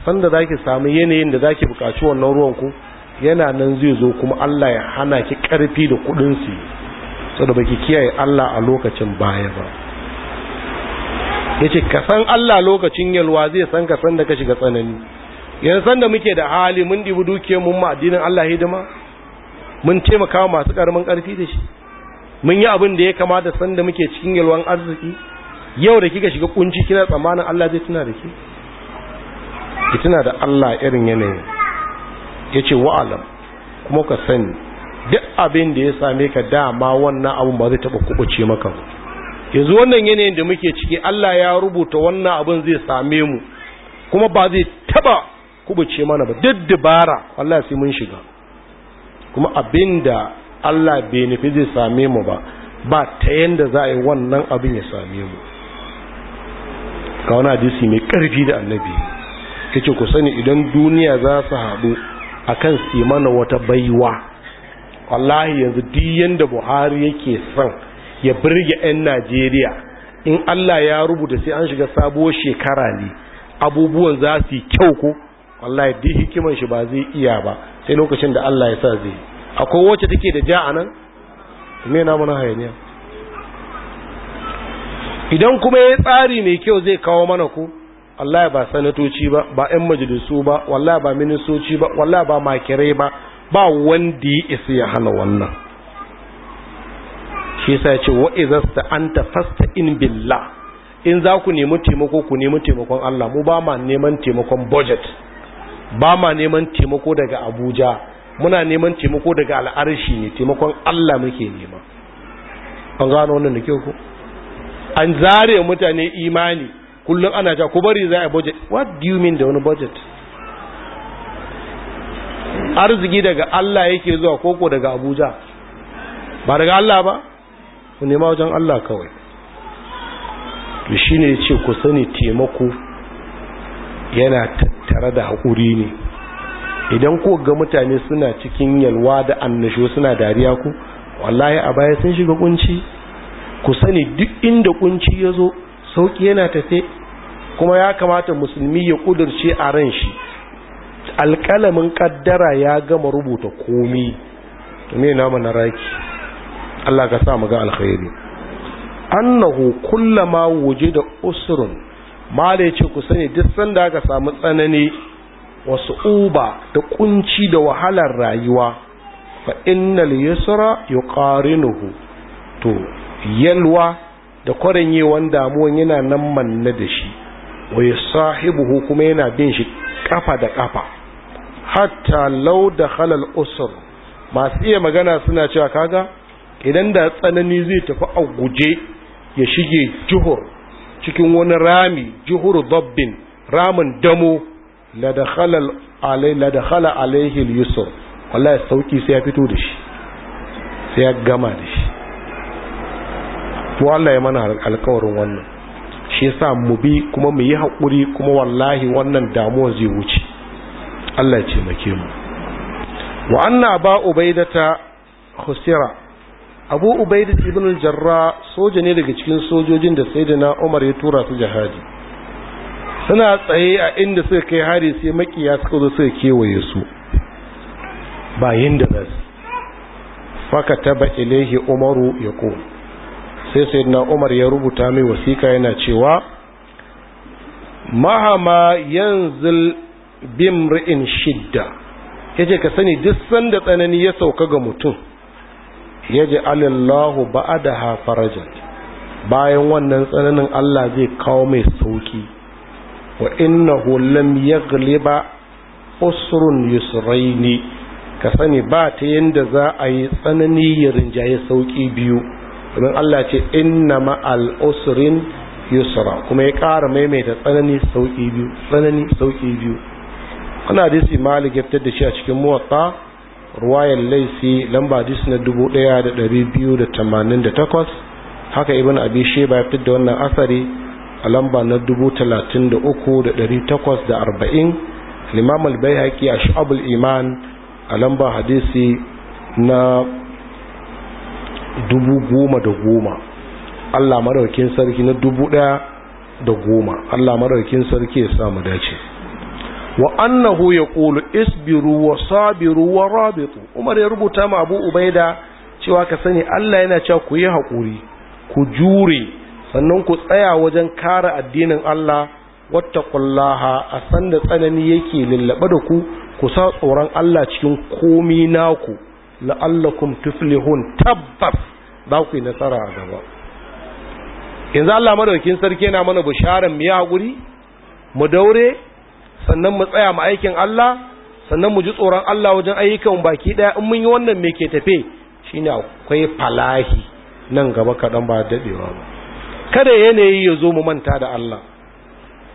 sanda zaki samu yanayin da zaki bukaci wannan ruwan ku yana nan zai zo kuma Allah ya hana ki karfi da kuɗin su saboda baki kiyaye Allah a lokacin baya ba yace ka san Allah lokacin yalwa zai san ka san da ka shiga tsanani yanzu sanda muke da hali mun dibu dukiyar mun ma addinin Allah hidima mun taimaka masu karamin karfi da shi mun yi abin da ya kamata da san muke cikin yalwan arziki yau da kika shiga kunci kina tsammanin Allah zai tuna da ke? ki tuna da Allah irin yanayin ce wa'alam kuma ka sani duk abin da ya same ka dama wannan abin ba zai taba kubuce maka ba yanzu wannan yanayin da muke ciki Allah ya rubuta wannan abin zai same mu kuma ba zai taba kubuce mana ba duk dabara Allah sai mun shiga kuma abinda Allah bai nufi zai same mu ba ba ta yanda za a yi wannan abin ya same mu ga wani hadisi mai karfi da annabi ce ku sani idan duniya za su haɗu akan kan mana wata baiwa wallahi yanzu duk yadda Buhari yake son ya birge 'yan Najeriya in Allah ya rubuta sai an shiga sabuwar shekara ne abubuwan za su yi kyau ko wallahi duk hikiman shi ba zai iya ba sai lokacin da Allah ya sa zai akwai wacce take da ja anan me na mana hayaniya idan kuma ya tsari mai kyau zai kawo mana ku wallahi ba sanatoci ba ba yan majalisu ba wallahi ba ministoci ba wallahi ba makirai ba ba wanda ya isa ya hana wannan shi yasa ya ce wa izasta anta fasta in billah in za ku nemi taimako ku nemi taimakon Allah mu ba ma neman taimakon budget ba ma neman taimako daga Abuja muna neman taimako daga al'arshi ne taimakon Allah muke nema an gano wannan da kyau ko an zare mutane imani kullum ana ta ku bari za a budget what do you mean da wani budget arziki daga Allah yake zuwa koko daga Abuja ba daga Allah ba ku nema wajen Allah kawai to shine yace ku sani taimako yana tattare da hakuri ne idan ku ga mutane suna cikin yalwa da annashu suna dariya ku wallahi a baya sun shiga kunci ku sani duk inda kunci ya zo sauki yana tafe kuma ya kamata musulmi ya kudurce a ran shi alƙalamin ƙaddara ya gama rubuta komi ne nama na raki Allah ka sa mu ga alkhairi annahu kullama wujida usrun mala yace ku sani duk sanda ka samu tsanani wasu uba da kunci da wahalar rayuwa fa innal yusra yuqarinuhu to yalwa da kwaranyewan damuwan yana nan manna da shi wai sahibu kuma yana bin shi kafa da kafa hatta lau da halal usur masu iya magana suna cewa kaga idan da tsanani zai tafi a guje ya shige juhur cikin wani rami juhur dabbin ramin damo na da halal la da halal alaihi yusur wallahi sauki sai ya fito da shi sai ya gama da shi mu Allah ya mana alƙawarin wannan shi yasa mu bi kuma mu yi hakuri kuma wallahi wannan damuwa zai wuce Allah ya taimake mu wa anna ba ubaidata khusira abu ubaida ibn al-jarra soja ne daga cikin sojojin da sayyidina umar ya tura su jihadi suna tsaye a inda suka kai hari sai makiya suka zo suka kewaye su ba yanda zasu faka taba ilaihi umaru ya sai sayyidina umar ya rubuta mai wasika yana cewa mahama yanzil bimri'in shidda yace ka sani duk sanda tsanani ya sauka ga mutum yaje alallahu ba'adaha farajan bayan wannan tsananin Allah zai kawo mai sauki wa innahu lam yaghliba usrun yusraini ka sani ba ta yanda za a yi tsanani ya rinjaye sauki biyu domin Allah ce inna ma'al usrin yusra kuma ya ƙara maimaita tsanani sauƙi biyu tsanani sauƙi biyu ana hadisi malik ya fitar da shi a cikin muwatta ruwayan laisi lamba hadis na takwas. haka ibn abi sheba ya fitar da wannan asari a lamba na da da arba'in. limam al-baihaqi a shu'abul iman a lamba hadisi na dubu goma da goma Allah maraukin sarki na dubu ɗaya da goma Allah maraukin sarki ya samu dace wa annahu ya ƙulu isbiru wa sabiru wa rabitu umar ya rubuta ma abu ubaida cewa ka sani Allah yana cewa ku yi haƙuri ku jure sannan ku tsaya wajen kare addinin Allah ƙwallaha a sanda tsanani yake lullaɓe da ku ku sa tsoron Allah cikin komi naku la'allakum tuflihun tabbas za ku yi nasara a gaba yanzu Allah madaukin sarki yana mana bisharar mu yi mu daure sannan mu tsaya mu aikin Allah sannan mu ji tsoron Allah wajen ayyukan baki daya in mun yi wannan me ke tafe shine akwai falahi nan gaba kaɗan ba dadewa ba kada yanayi ya zo mu manta da Allah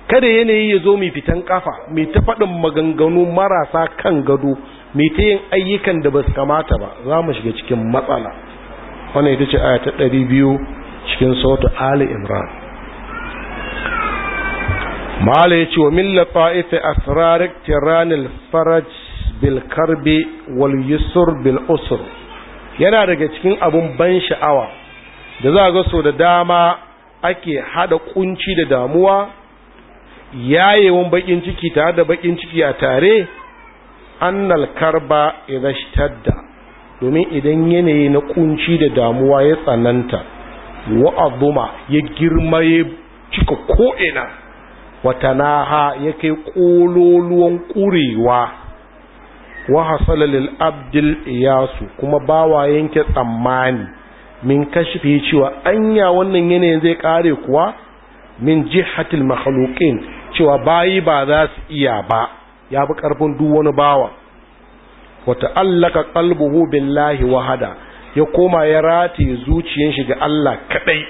kada yanayi ya zo mu fitan kafa mu ta faɗin maganganu marasa kan gado mai ta yin ayyukan da ba su kamata ba za mu shiga cikin matsala Wani ita ce aya ɗari biyu cikin sautu ali imran Malam ya ce wa milla fa'ife asrarik tiranil faraj bil karbi wal yusur bil usur yana daga cikin abun ban sha'awa da za ga so da dama ake hada kunci da damuwa yayewan bakin ciki tare da bakin ciki a tare annal karba idhashtadda domin idan yanayi na kunci da damuwa ya tsananta wa'azuma ya girma ya cika ko'ina watanaha ya kai kololuwan kurewa wa hasala lil abdil iyasu kuma bawa yanke tsammani min kashfi cewa anya wannan yanayin zai kare kuwa min jihatil makhluqin cewa bayi ba za su iya ba ya fi ƙarfin duk wani bawa wata allaka qalbuhu billahi wahada ya koma ya rataye zuciyar shi ga Allah kaɗai.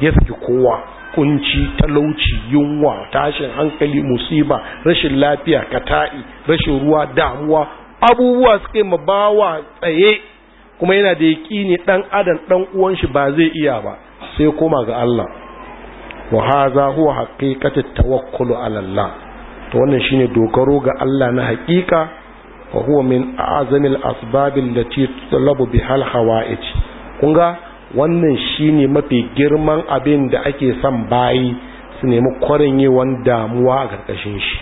ya saki kowa kunci talauci yunwa tashin hankali musiba rashin lafiya kata'i rashin ruwa damuwa abubuwa suke ma bawa tsaye kuma yana da yaƙini ɗan adam ɗan uwan shi ba zai iya ba sai koma ga Allah wa haza huwa haqiqatu tawakkulu ala Allah to wannan shine dogaro ga Allah na haƙiƙa wa huwa min azamil asbabil lati talabu bihal hawaij kun ga wannan shine mafi girman abin da ake son bayi su nemi kwarin yi kwarenyewan damuwa a karkashin shi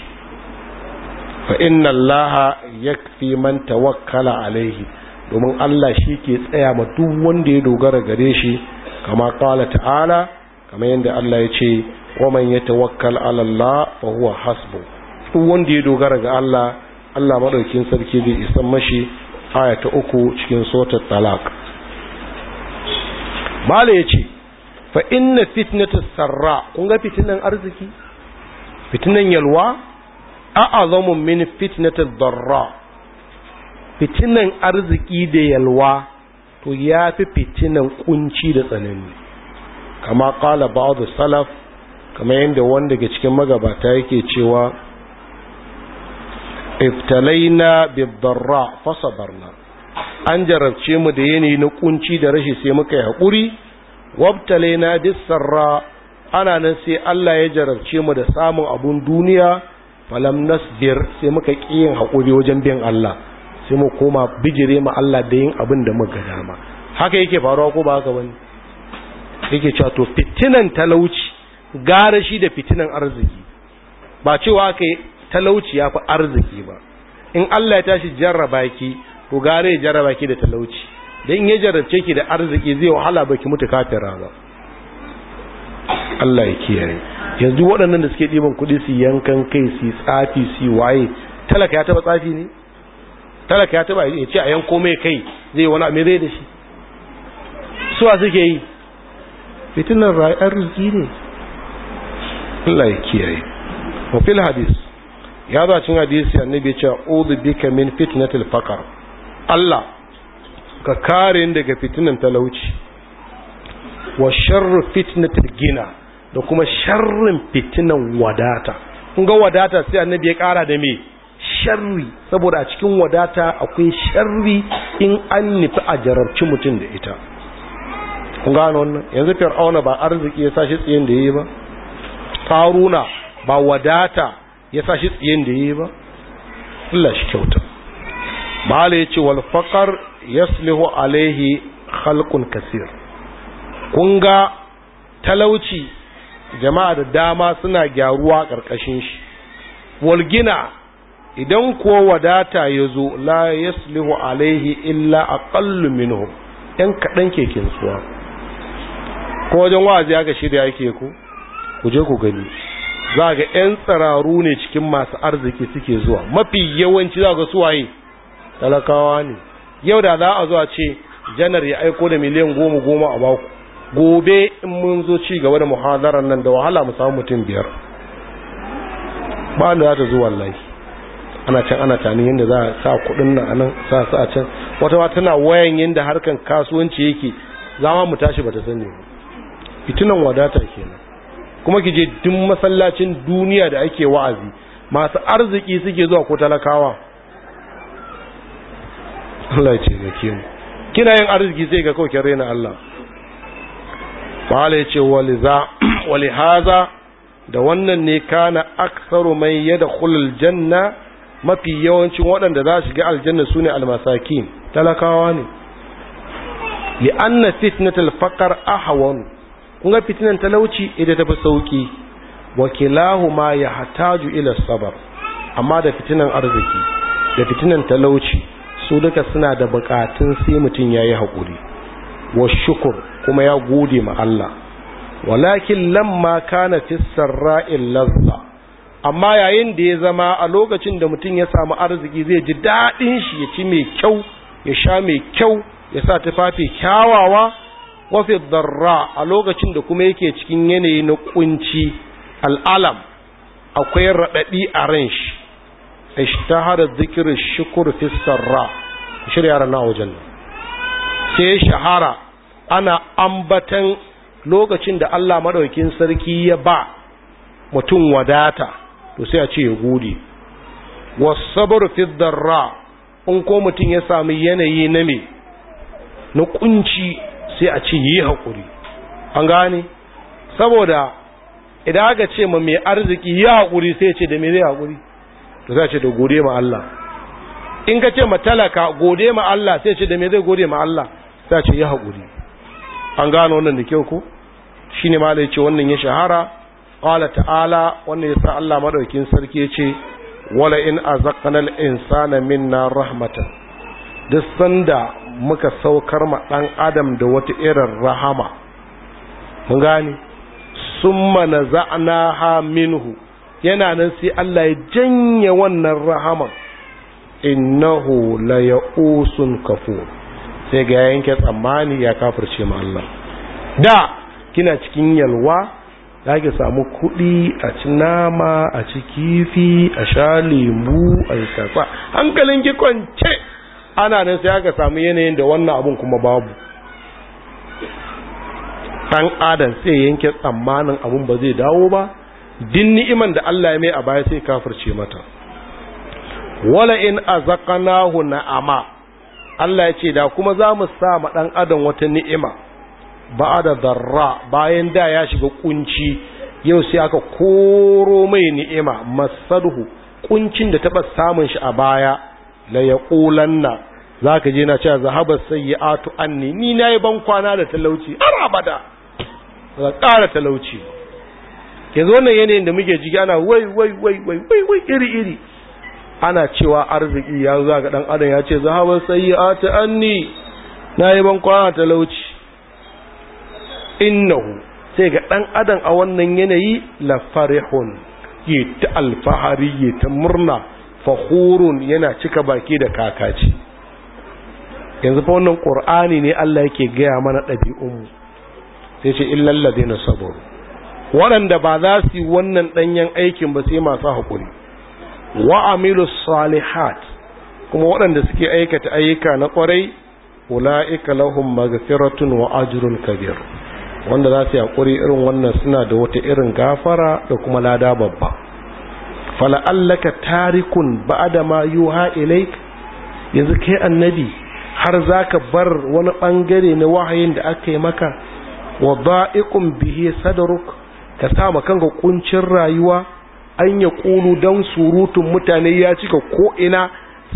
fa inna allaha yakfi man tawakkala alaihi domin Allah shi ke tsaya ma duk wanda ya dogara gare shi kama kala ta'ala kamar yadda Allah ya ce wa man yatawakkal ala Allah fa huwa hasbuh duk wanda ya dogara ga Allah Allah madaukin sarki zai isa mashi aya ta uku cikin suratul talaq mala yace fa inna fitnatus sarra kun ga fitinan arziki fitinan yalwa azamu min fitnatil darra fitinan arziki da yalwa to ya fi fitinan kunci da tsanani kama kala ba'adu salaf kamar yadda wanda daga cikin magabata yake cewa iftalaina bidarra fasabarna an jarabce mu da yanayi na kunci da rashi sai muka yi haƙuri wabtalaina bisarra ana nan sai Allah ya jarabce mu da samun abun duniya falam nasbir sai muka kiyin haƙuri wajen bin Allah sai mu koma bijire ma Allah da yin abin da muka dama haka yake faruwa ko ba haka bane yake cewa to fitinan talauci gara shi da fitinan arziki ba cewa kai talauci ya fi arziki ba in Allah ya tashi jarraba ki to gare ya jarraba ki da talauci dan ya jarrabce ki da arziki zai wahala baki mutu kafira ba Allah ya kiyaye yanzu waɗannan da suke ɗiban kuɗi su yankan kai su tsafi su waye talaka ya taba tsafi ne talaka ya taba ya ce a yanko mai kai zai wani me zai da shi suwa suke yi fitinan ra'ayi arziki ne Allah ya kiyaye wa fil hadis ya zo cin hadisi annabi ya ce udu bika min fitnatil faqar Allah ka kare ni daga fitinan talauci wa sharru fitnatil gina da kuma sharrin fitinan wadata kun ga wadata sai annabi ya kara da me sharri saboda a cikin wadata akwai sharri in an nufi a jararci mutum da ita kun gano wannan yanzu fir'auna ba arziki ya sashi tsayin da yi ba faruna ba wadata ya sa shi tsiyen da yi ba Allah shi kyauta mahala ya ce wal faqar yaslihu alaihi khalqun kasir kun ga talauci jama'a da dama suna gyaruwa ƙarƙashin shi wal gina idan ko wadata ya zo la yaslihu alaihi illa aqallu minhu yan kaɗan ke kinsuwa ko wajen wazi aka shirya yake ku ku je ku gani za ga 'yan tsararu ne cikin masu arziki suke zuwa mafi yawanci za ga suwaye talakawa ne yau da za a zuwa ce janar ya aiko da miliyan goma goma a baku gobe in mun zo ci gaba da muhadarar nan da wahala mu samu mutum biyar ba da za ta zuwa lai ana can ana tani yadda za a sa kuɗin nan anan sa sa a can wata wata tana wayan yadda harkan kasuwanci yake zama mu tashi bata sani fitinan wadata kenan kuma ki je duk masallacin duniya da ake wa'azi masu arziki suke zuwa ko talakawa Allah ce ga ke kina yin arziki sai ga kawai kin rena Allah Mahala ya ce wali haza da wannan ne kana aksaru mai yada kulul janna mafi yawancin waɗanda za su shiga aljanna su ne almasakin talakawa ne li'anna fitnatul faqar ahwan kun ga fitinan talauci ta fi sauki ma ya hataju ila sabar amma da fitinan arziki da fitinan talauci su duka suna da bukatun sai mutun yayi hakuri wa shukur kuma ya gode ma Allah walakin lamma kana fis sarra'il lazza amma yayin da ya zama a lokacin da mutum ya samu arziki zai ji daɗin shi ya ci mai kyau ya sha mai kyau ya sa tufafi kyawawa wafi darra a lokacin da kuma yake cikin yanayi na kunci al'alam akwai raɗaɗi a ran shi hada zikirin shukur fistarra. sarra shirya rana wajen sai shahara ana ambatan lokacin da Allah maɗaukin sarki ya ba mutum wadata to sai a ce ya Wasu wasabru fi darra in ko mutum ya sami yanayi na me na kunci sai a ce yi haƙuri an gane saboda idan aka ce ma mai arziki yi haƙuri sai ce da me zai haƙuri to za ce da gode ma Allah in ka ce ma talaka gode ma Allah sai ce da me zai gode ma Allah za ce yi haƙuri an gano wannan da kyau ko shine malai ce wannan ya shahara ƙwala ta'ala wannan ya sa Allah maɗaukin sarki ya ce wala in a al-insana minna rahmatan duk sanda muka saukar ma ɗan adam da wata irin rahama mun gane summa ha minhu yana nan sai Allah ya janye wannan rahaman innahu la ya'usun kafur sai ga yanke tsammani ya kafirce ma Allah da kina cikin yalwa za ki samu kuɗi a ci nama a ci kifi a sha lemu a yi hankalin ki kwance ana nan sai aka samu yanayin da wannan abun kuma babu dan adam sai yanke tsammanin abun ba zai dawo ba din ni'iman da Allah ya mai a baya sai kafirce mata wala in azaqnahu na'ama Allah ya ce da kuma za mu sa ma dan adam wata ni'ima ba da darra bayan da ya shiga kunci yau sai aka koro mai ni'ima masaduhu kuncin da taba samun shi a baya la yaqulanna zaka je na cewa sayi atu anni ni nayi ban kwana da talauci har abada za ƙara talauci Ke zo wannan yanayin da muke jiki ana wai wai wai wai wai wai iri iri ana cewa arziki ya zo ga dan adam ya ce sayi atu anni nayi ban kwana da talauci innahu sai ga dan adam a wannan yanayi la farihun yi ta alfahari yi ta murna Fahurun yana cika baki da kakaci yanzu fa wannan qur'ani ne Allah yake gaya mana ɗabi'unmu sai ce illal ladina sabaru waɗanda ba za su wannan ɗanyen aikin ba sai masu haƙuri wa amilus salihat kuma waɗanda suke aikata ayyuka na ƙwarai ula'ika lahum maghfiratun wa ajrun kabir wanda za su yi haƙuri irin wannan suna da wata irin gafara da kuma lada babba fala'allaka tarikun ba'ada ma yuha ilaik yanzu kai annabi har zaka bar wani bangare na wahayin da aka yi maka wa da'iqun bihi sadruk ka sa ma kanka kuncin rayuwa an ya kulu dan surutun mutane ya cika ko ina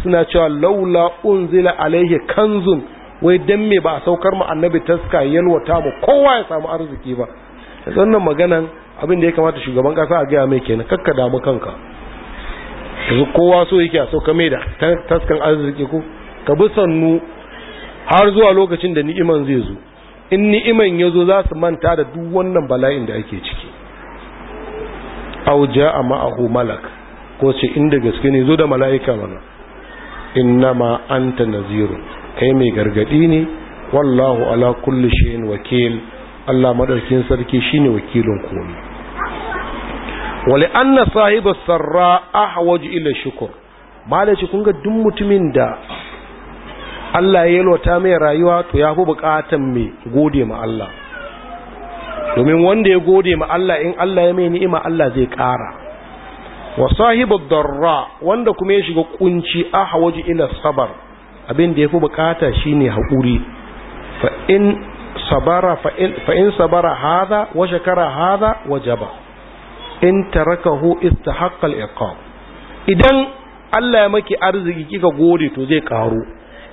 suna cewa laula unzila alaihi kanzun wai dan me ba a saukar mu annabi taska yalwata mu kowa ya samu arziki ba wannan maganan abin da ya kamata shugaban kasa a gaya mai kenan kakka damu kanka yanzu kowa so yake a sauka mai da taskan arziki ko ka bi sannu har zuwa lokacin da ni'iman zai zo in ni'iman ya zo za su manta da duk wannan bala'in da ake ciki auja a ma'ahu malak ko ce inda gaske ne zo da mala'ika mana an ta naziru kai mai gargadi ne wallahu ala kulli shay'in wakil Allah madaukin sarki shine wakilin komai wali anna sahiba sarra ahwaju ila shukur malaci kun ga duk mutumin da Allah ya yalwata mai rayuwa to ya fi bukatan mai gode ma Allah domin wanda ya gode ma Allah in Allah ya mai ni'ima Allah zai ƙara wa sahibu darra wanda kuma ya shiga kunci ahwaju ila sabar abin da ya fi bukata shine haƙuri fa in sabara fa in sabara hadha wa shakara wajaba in tarakahu istahaqqa al-iqam idan Allah ya maki arziki kika gode to zai ƙaru,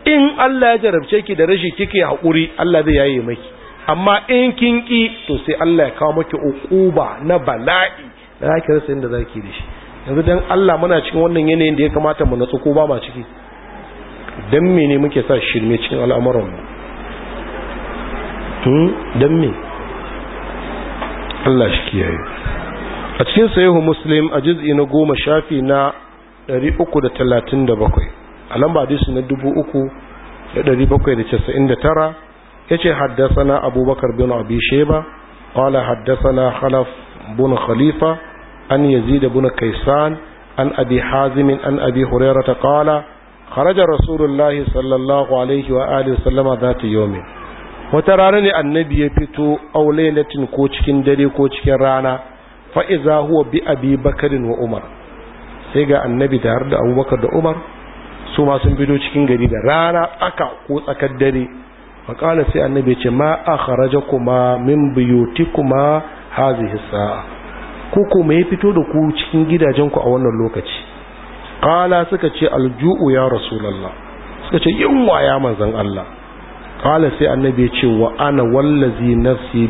in Allah ya jarabce ki da rashi kike hakuri Allah zai yaye maki amma in kin ki to sai Allah ya kawo maki ukuba na bala'i da zaki rasa inda zaki da shi yanzu dan Allah muna cikin wannan yanayin da ya kamata mu natsu ko ba ma ciki dan ne muke sa shirme cikin al'amuran mu hmm? dan me Allah shi kiyaye a cikin sahihu muslim a juz'i na goma shafi na 337 a lamba hadisi na 3799 haddasa na abubakar bin abi shayba haddasa na khalaf bin khalifa an yazid bin Kaisan, an abi hazim an abi hurairah qala خرج رسول الله صلى الله عليه sallama وسلم yawmin. Wata rana ne annabi ya fito aulailatin ko cikin dare ko cikin rana fa'iza huwa bi abi bakarin wa umar sai ga annabi da harda da abubakar da umar su ma sun bido cikin gari da rana aka ko tsakar dare kala sai annabi ce ma a kharaja kuma min biyoti kuma sa'a ko kuma ya fito da ku cikin gidajen ku a wannan lokaci kala suka ce alju'u ya rasulullah suka ce yunwa ya manzan Allah kala sai annabi ya ce wa ana wallazi nafsi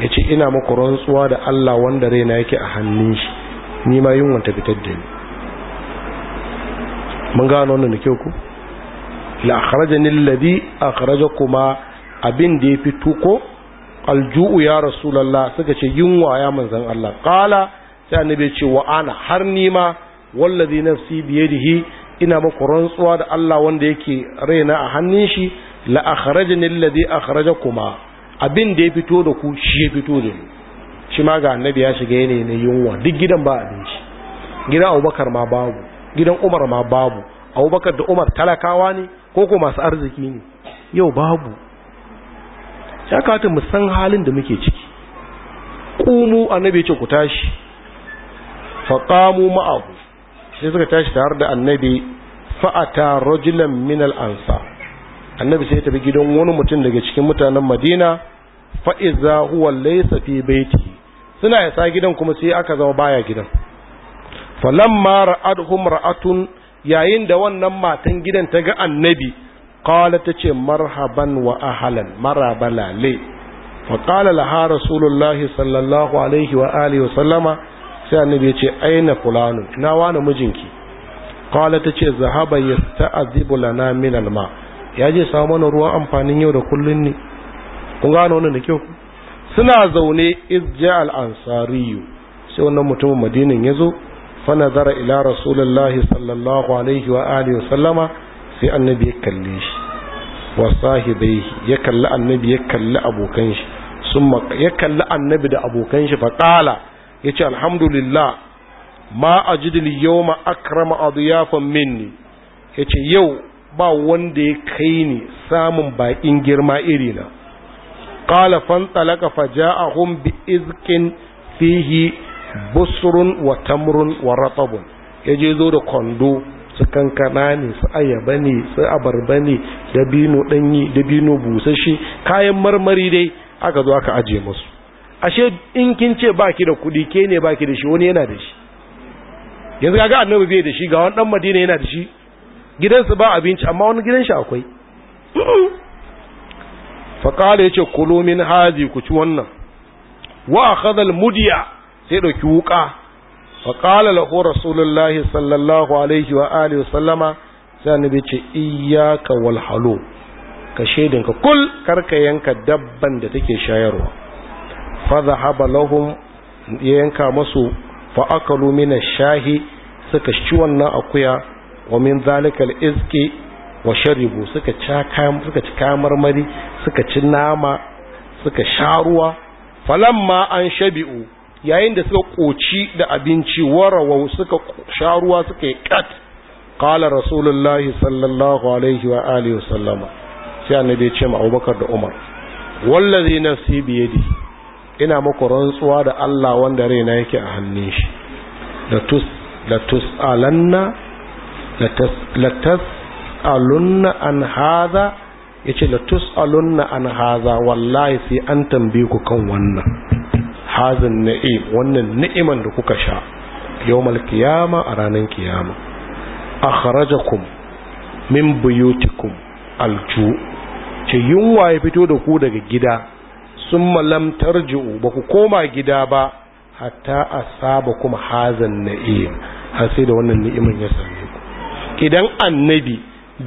ya ce ina maku rantsuwa da Allah wanda raina yake a hannun shi ni ma yin ta fitar da ni mun gano wannan da kyau ku la akhrajani alladhi kuma abin da ya fito ko alju'u ya rasulullah suka ce yunwa ya manzon Allah qala sai annabi ce wa ana har ni ma wallazi nafsi yadihi ina maku rantsuwa da Allah wanda yake raina a hannun shi la akhrajani alladhi akhrajakuma abin da ya fito da ku shi ya fito da ku shi ma ga annabi ya shiga yanayi na yunwa duk gidan ba abinci gidan abubakar ma babu gidan umar ma babu abubakar da umar talakawa ne ko ko masu arziki ne yau babu ya kata mu san halin da muke ciki kumu annabi ya ce ku tashi faqamu ma'ahu sai suka tashi tare da annabi fa'ata rajulan min al-ansar annabi sai ya tafi gidan wani mutum daga cikin mutanen madina fa'iza huwa laisa fi baiti suna yasa gidan kuma sai aka zama baya gidan falamma ra'adhum ra'atun yayin da wannan matan gidan ta ga annabi qala ta ce marhaban wa ahlan marabala le fa qala laha rasulullah sallallahu alaihi wa alihi wa sallama sai annabi ya ce aina fulanu ina wani mijinki qala ta ce zahaba yasta'zibu lana min al ya je samu mana ruwan amfanin yau da kullun ne kun gano wannan da kyau suna zaune izja al-ansariyu sai wannan mutumin madinin ya zo zara ila rasulullahi sallallahu alaihi wa alihi wasallama sai annabi ya kalle shi wa sahibaihi ya kalli annabi ya kalli abokan shi summa ya kalli annabi da abokan shi fa qala yace alhamdulillah ma ajidu al-yawma akrama adiyafan minni yace yau ba wanda ya kai ni samun baƙin girma irina qala fantalaka a bi izkin fihi busrun wa tamrun wa ratabun yaje zo da kwando su kankana ne su ayaba ne su abarba ne dabino danyi dabino busashi kayan marmari dai aka zo aka aje musu ashe in kin ce baki da kudi ke ne baki da shi wani yana da shi yanzu kaga annabi bai da shi ga wani dan madina yana da shi gidansu ba abinci amma wani gidan shi akwai faƙala ya ce kulo haji ku ci wannan wa a kazal mudiya sai ɗauki wuƙa faƙala lahu rasulullahi sallallahu alaihi wa alihi wa sallama sai annabi ce iyyaka wal ka shaidinka kul karka yanka dabban da take shayarwa fa zahaba lahum yanka masu fa akalu min shahi suka ci wannan akuya wa min zalikal izki wa sharibu suka ci kayan suka ci kayan marmari suka ci nama suka sha ruwa falamma an shabi'u yayin da suka koci da abinci wa suka sha ruwa suka yi kat qala rasulullahi sallallahu alaihi wa alihi wasallama sai annabi ya ce ma Abubakar da Umar wallazi nafsi yadi ina muku rantsuwa da Allah wanda raina yake a hannun shi da tus da alanna latas'alunna an hadha yace latus'alunna an hadha wallahi sai an tambi ku kan wannan hazan na'im wannan ni'iman da kuka sha yawmal qiyama a ranar kiyama akhrajakum min buyutikum alju ce yunwa ya fito da ku daga gida sun malam tarji'u ba ku koma gida ba hatta asaba kuma hazan na'im har sai da wannan ni'iman ya same ku idan annabi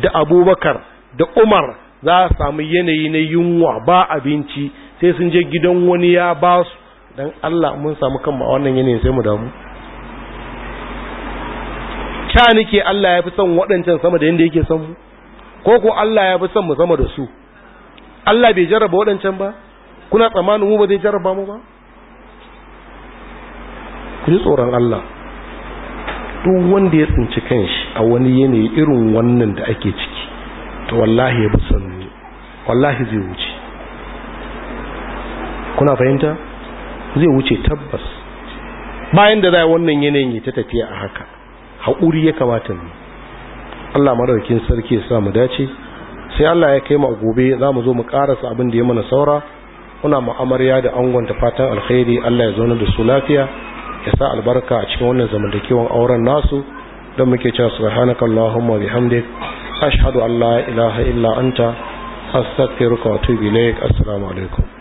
da abubakar da umar za a samu yanayi na yunwa ba abinci sai sun je gidan wani ya ba su don allah mun samu kanmu a wannan yanayin sai mu damu ta nike allah ya fi son waɗancan sama da yadda yake son mu ko ko allah ya fi son mu sama da su allah bai jarraba waɗancan ba kuna tsammanin mu ba zai jarraba mu ba ku ji tsoron allah duk wanda ya tsinci kanshi a wani yanayi irin wannan da ake ciki to wallahi ya bi wallahi zai wuce kuna fahimta zai wuce tabbas bayan da za wannan yanayin ya ta tafiya a haka haƙuri ya kamata ne Allah madaukin sarki ya sa mu dace sai Allah ya kai mu gobe za mu zo mu karasa abin da ya mana saura muna mu'amariya da angon ta fatan alkhairi Allah ya zauna da su lafiya ya sa albarka a cikin wannan zamantakewan auren nasu don muke cewa subhanaka allahumma bihamdik ashhadu an la ilaha illa anta astaghfiruka wa atubu ilaik assalamu alaikum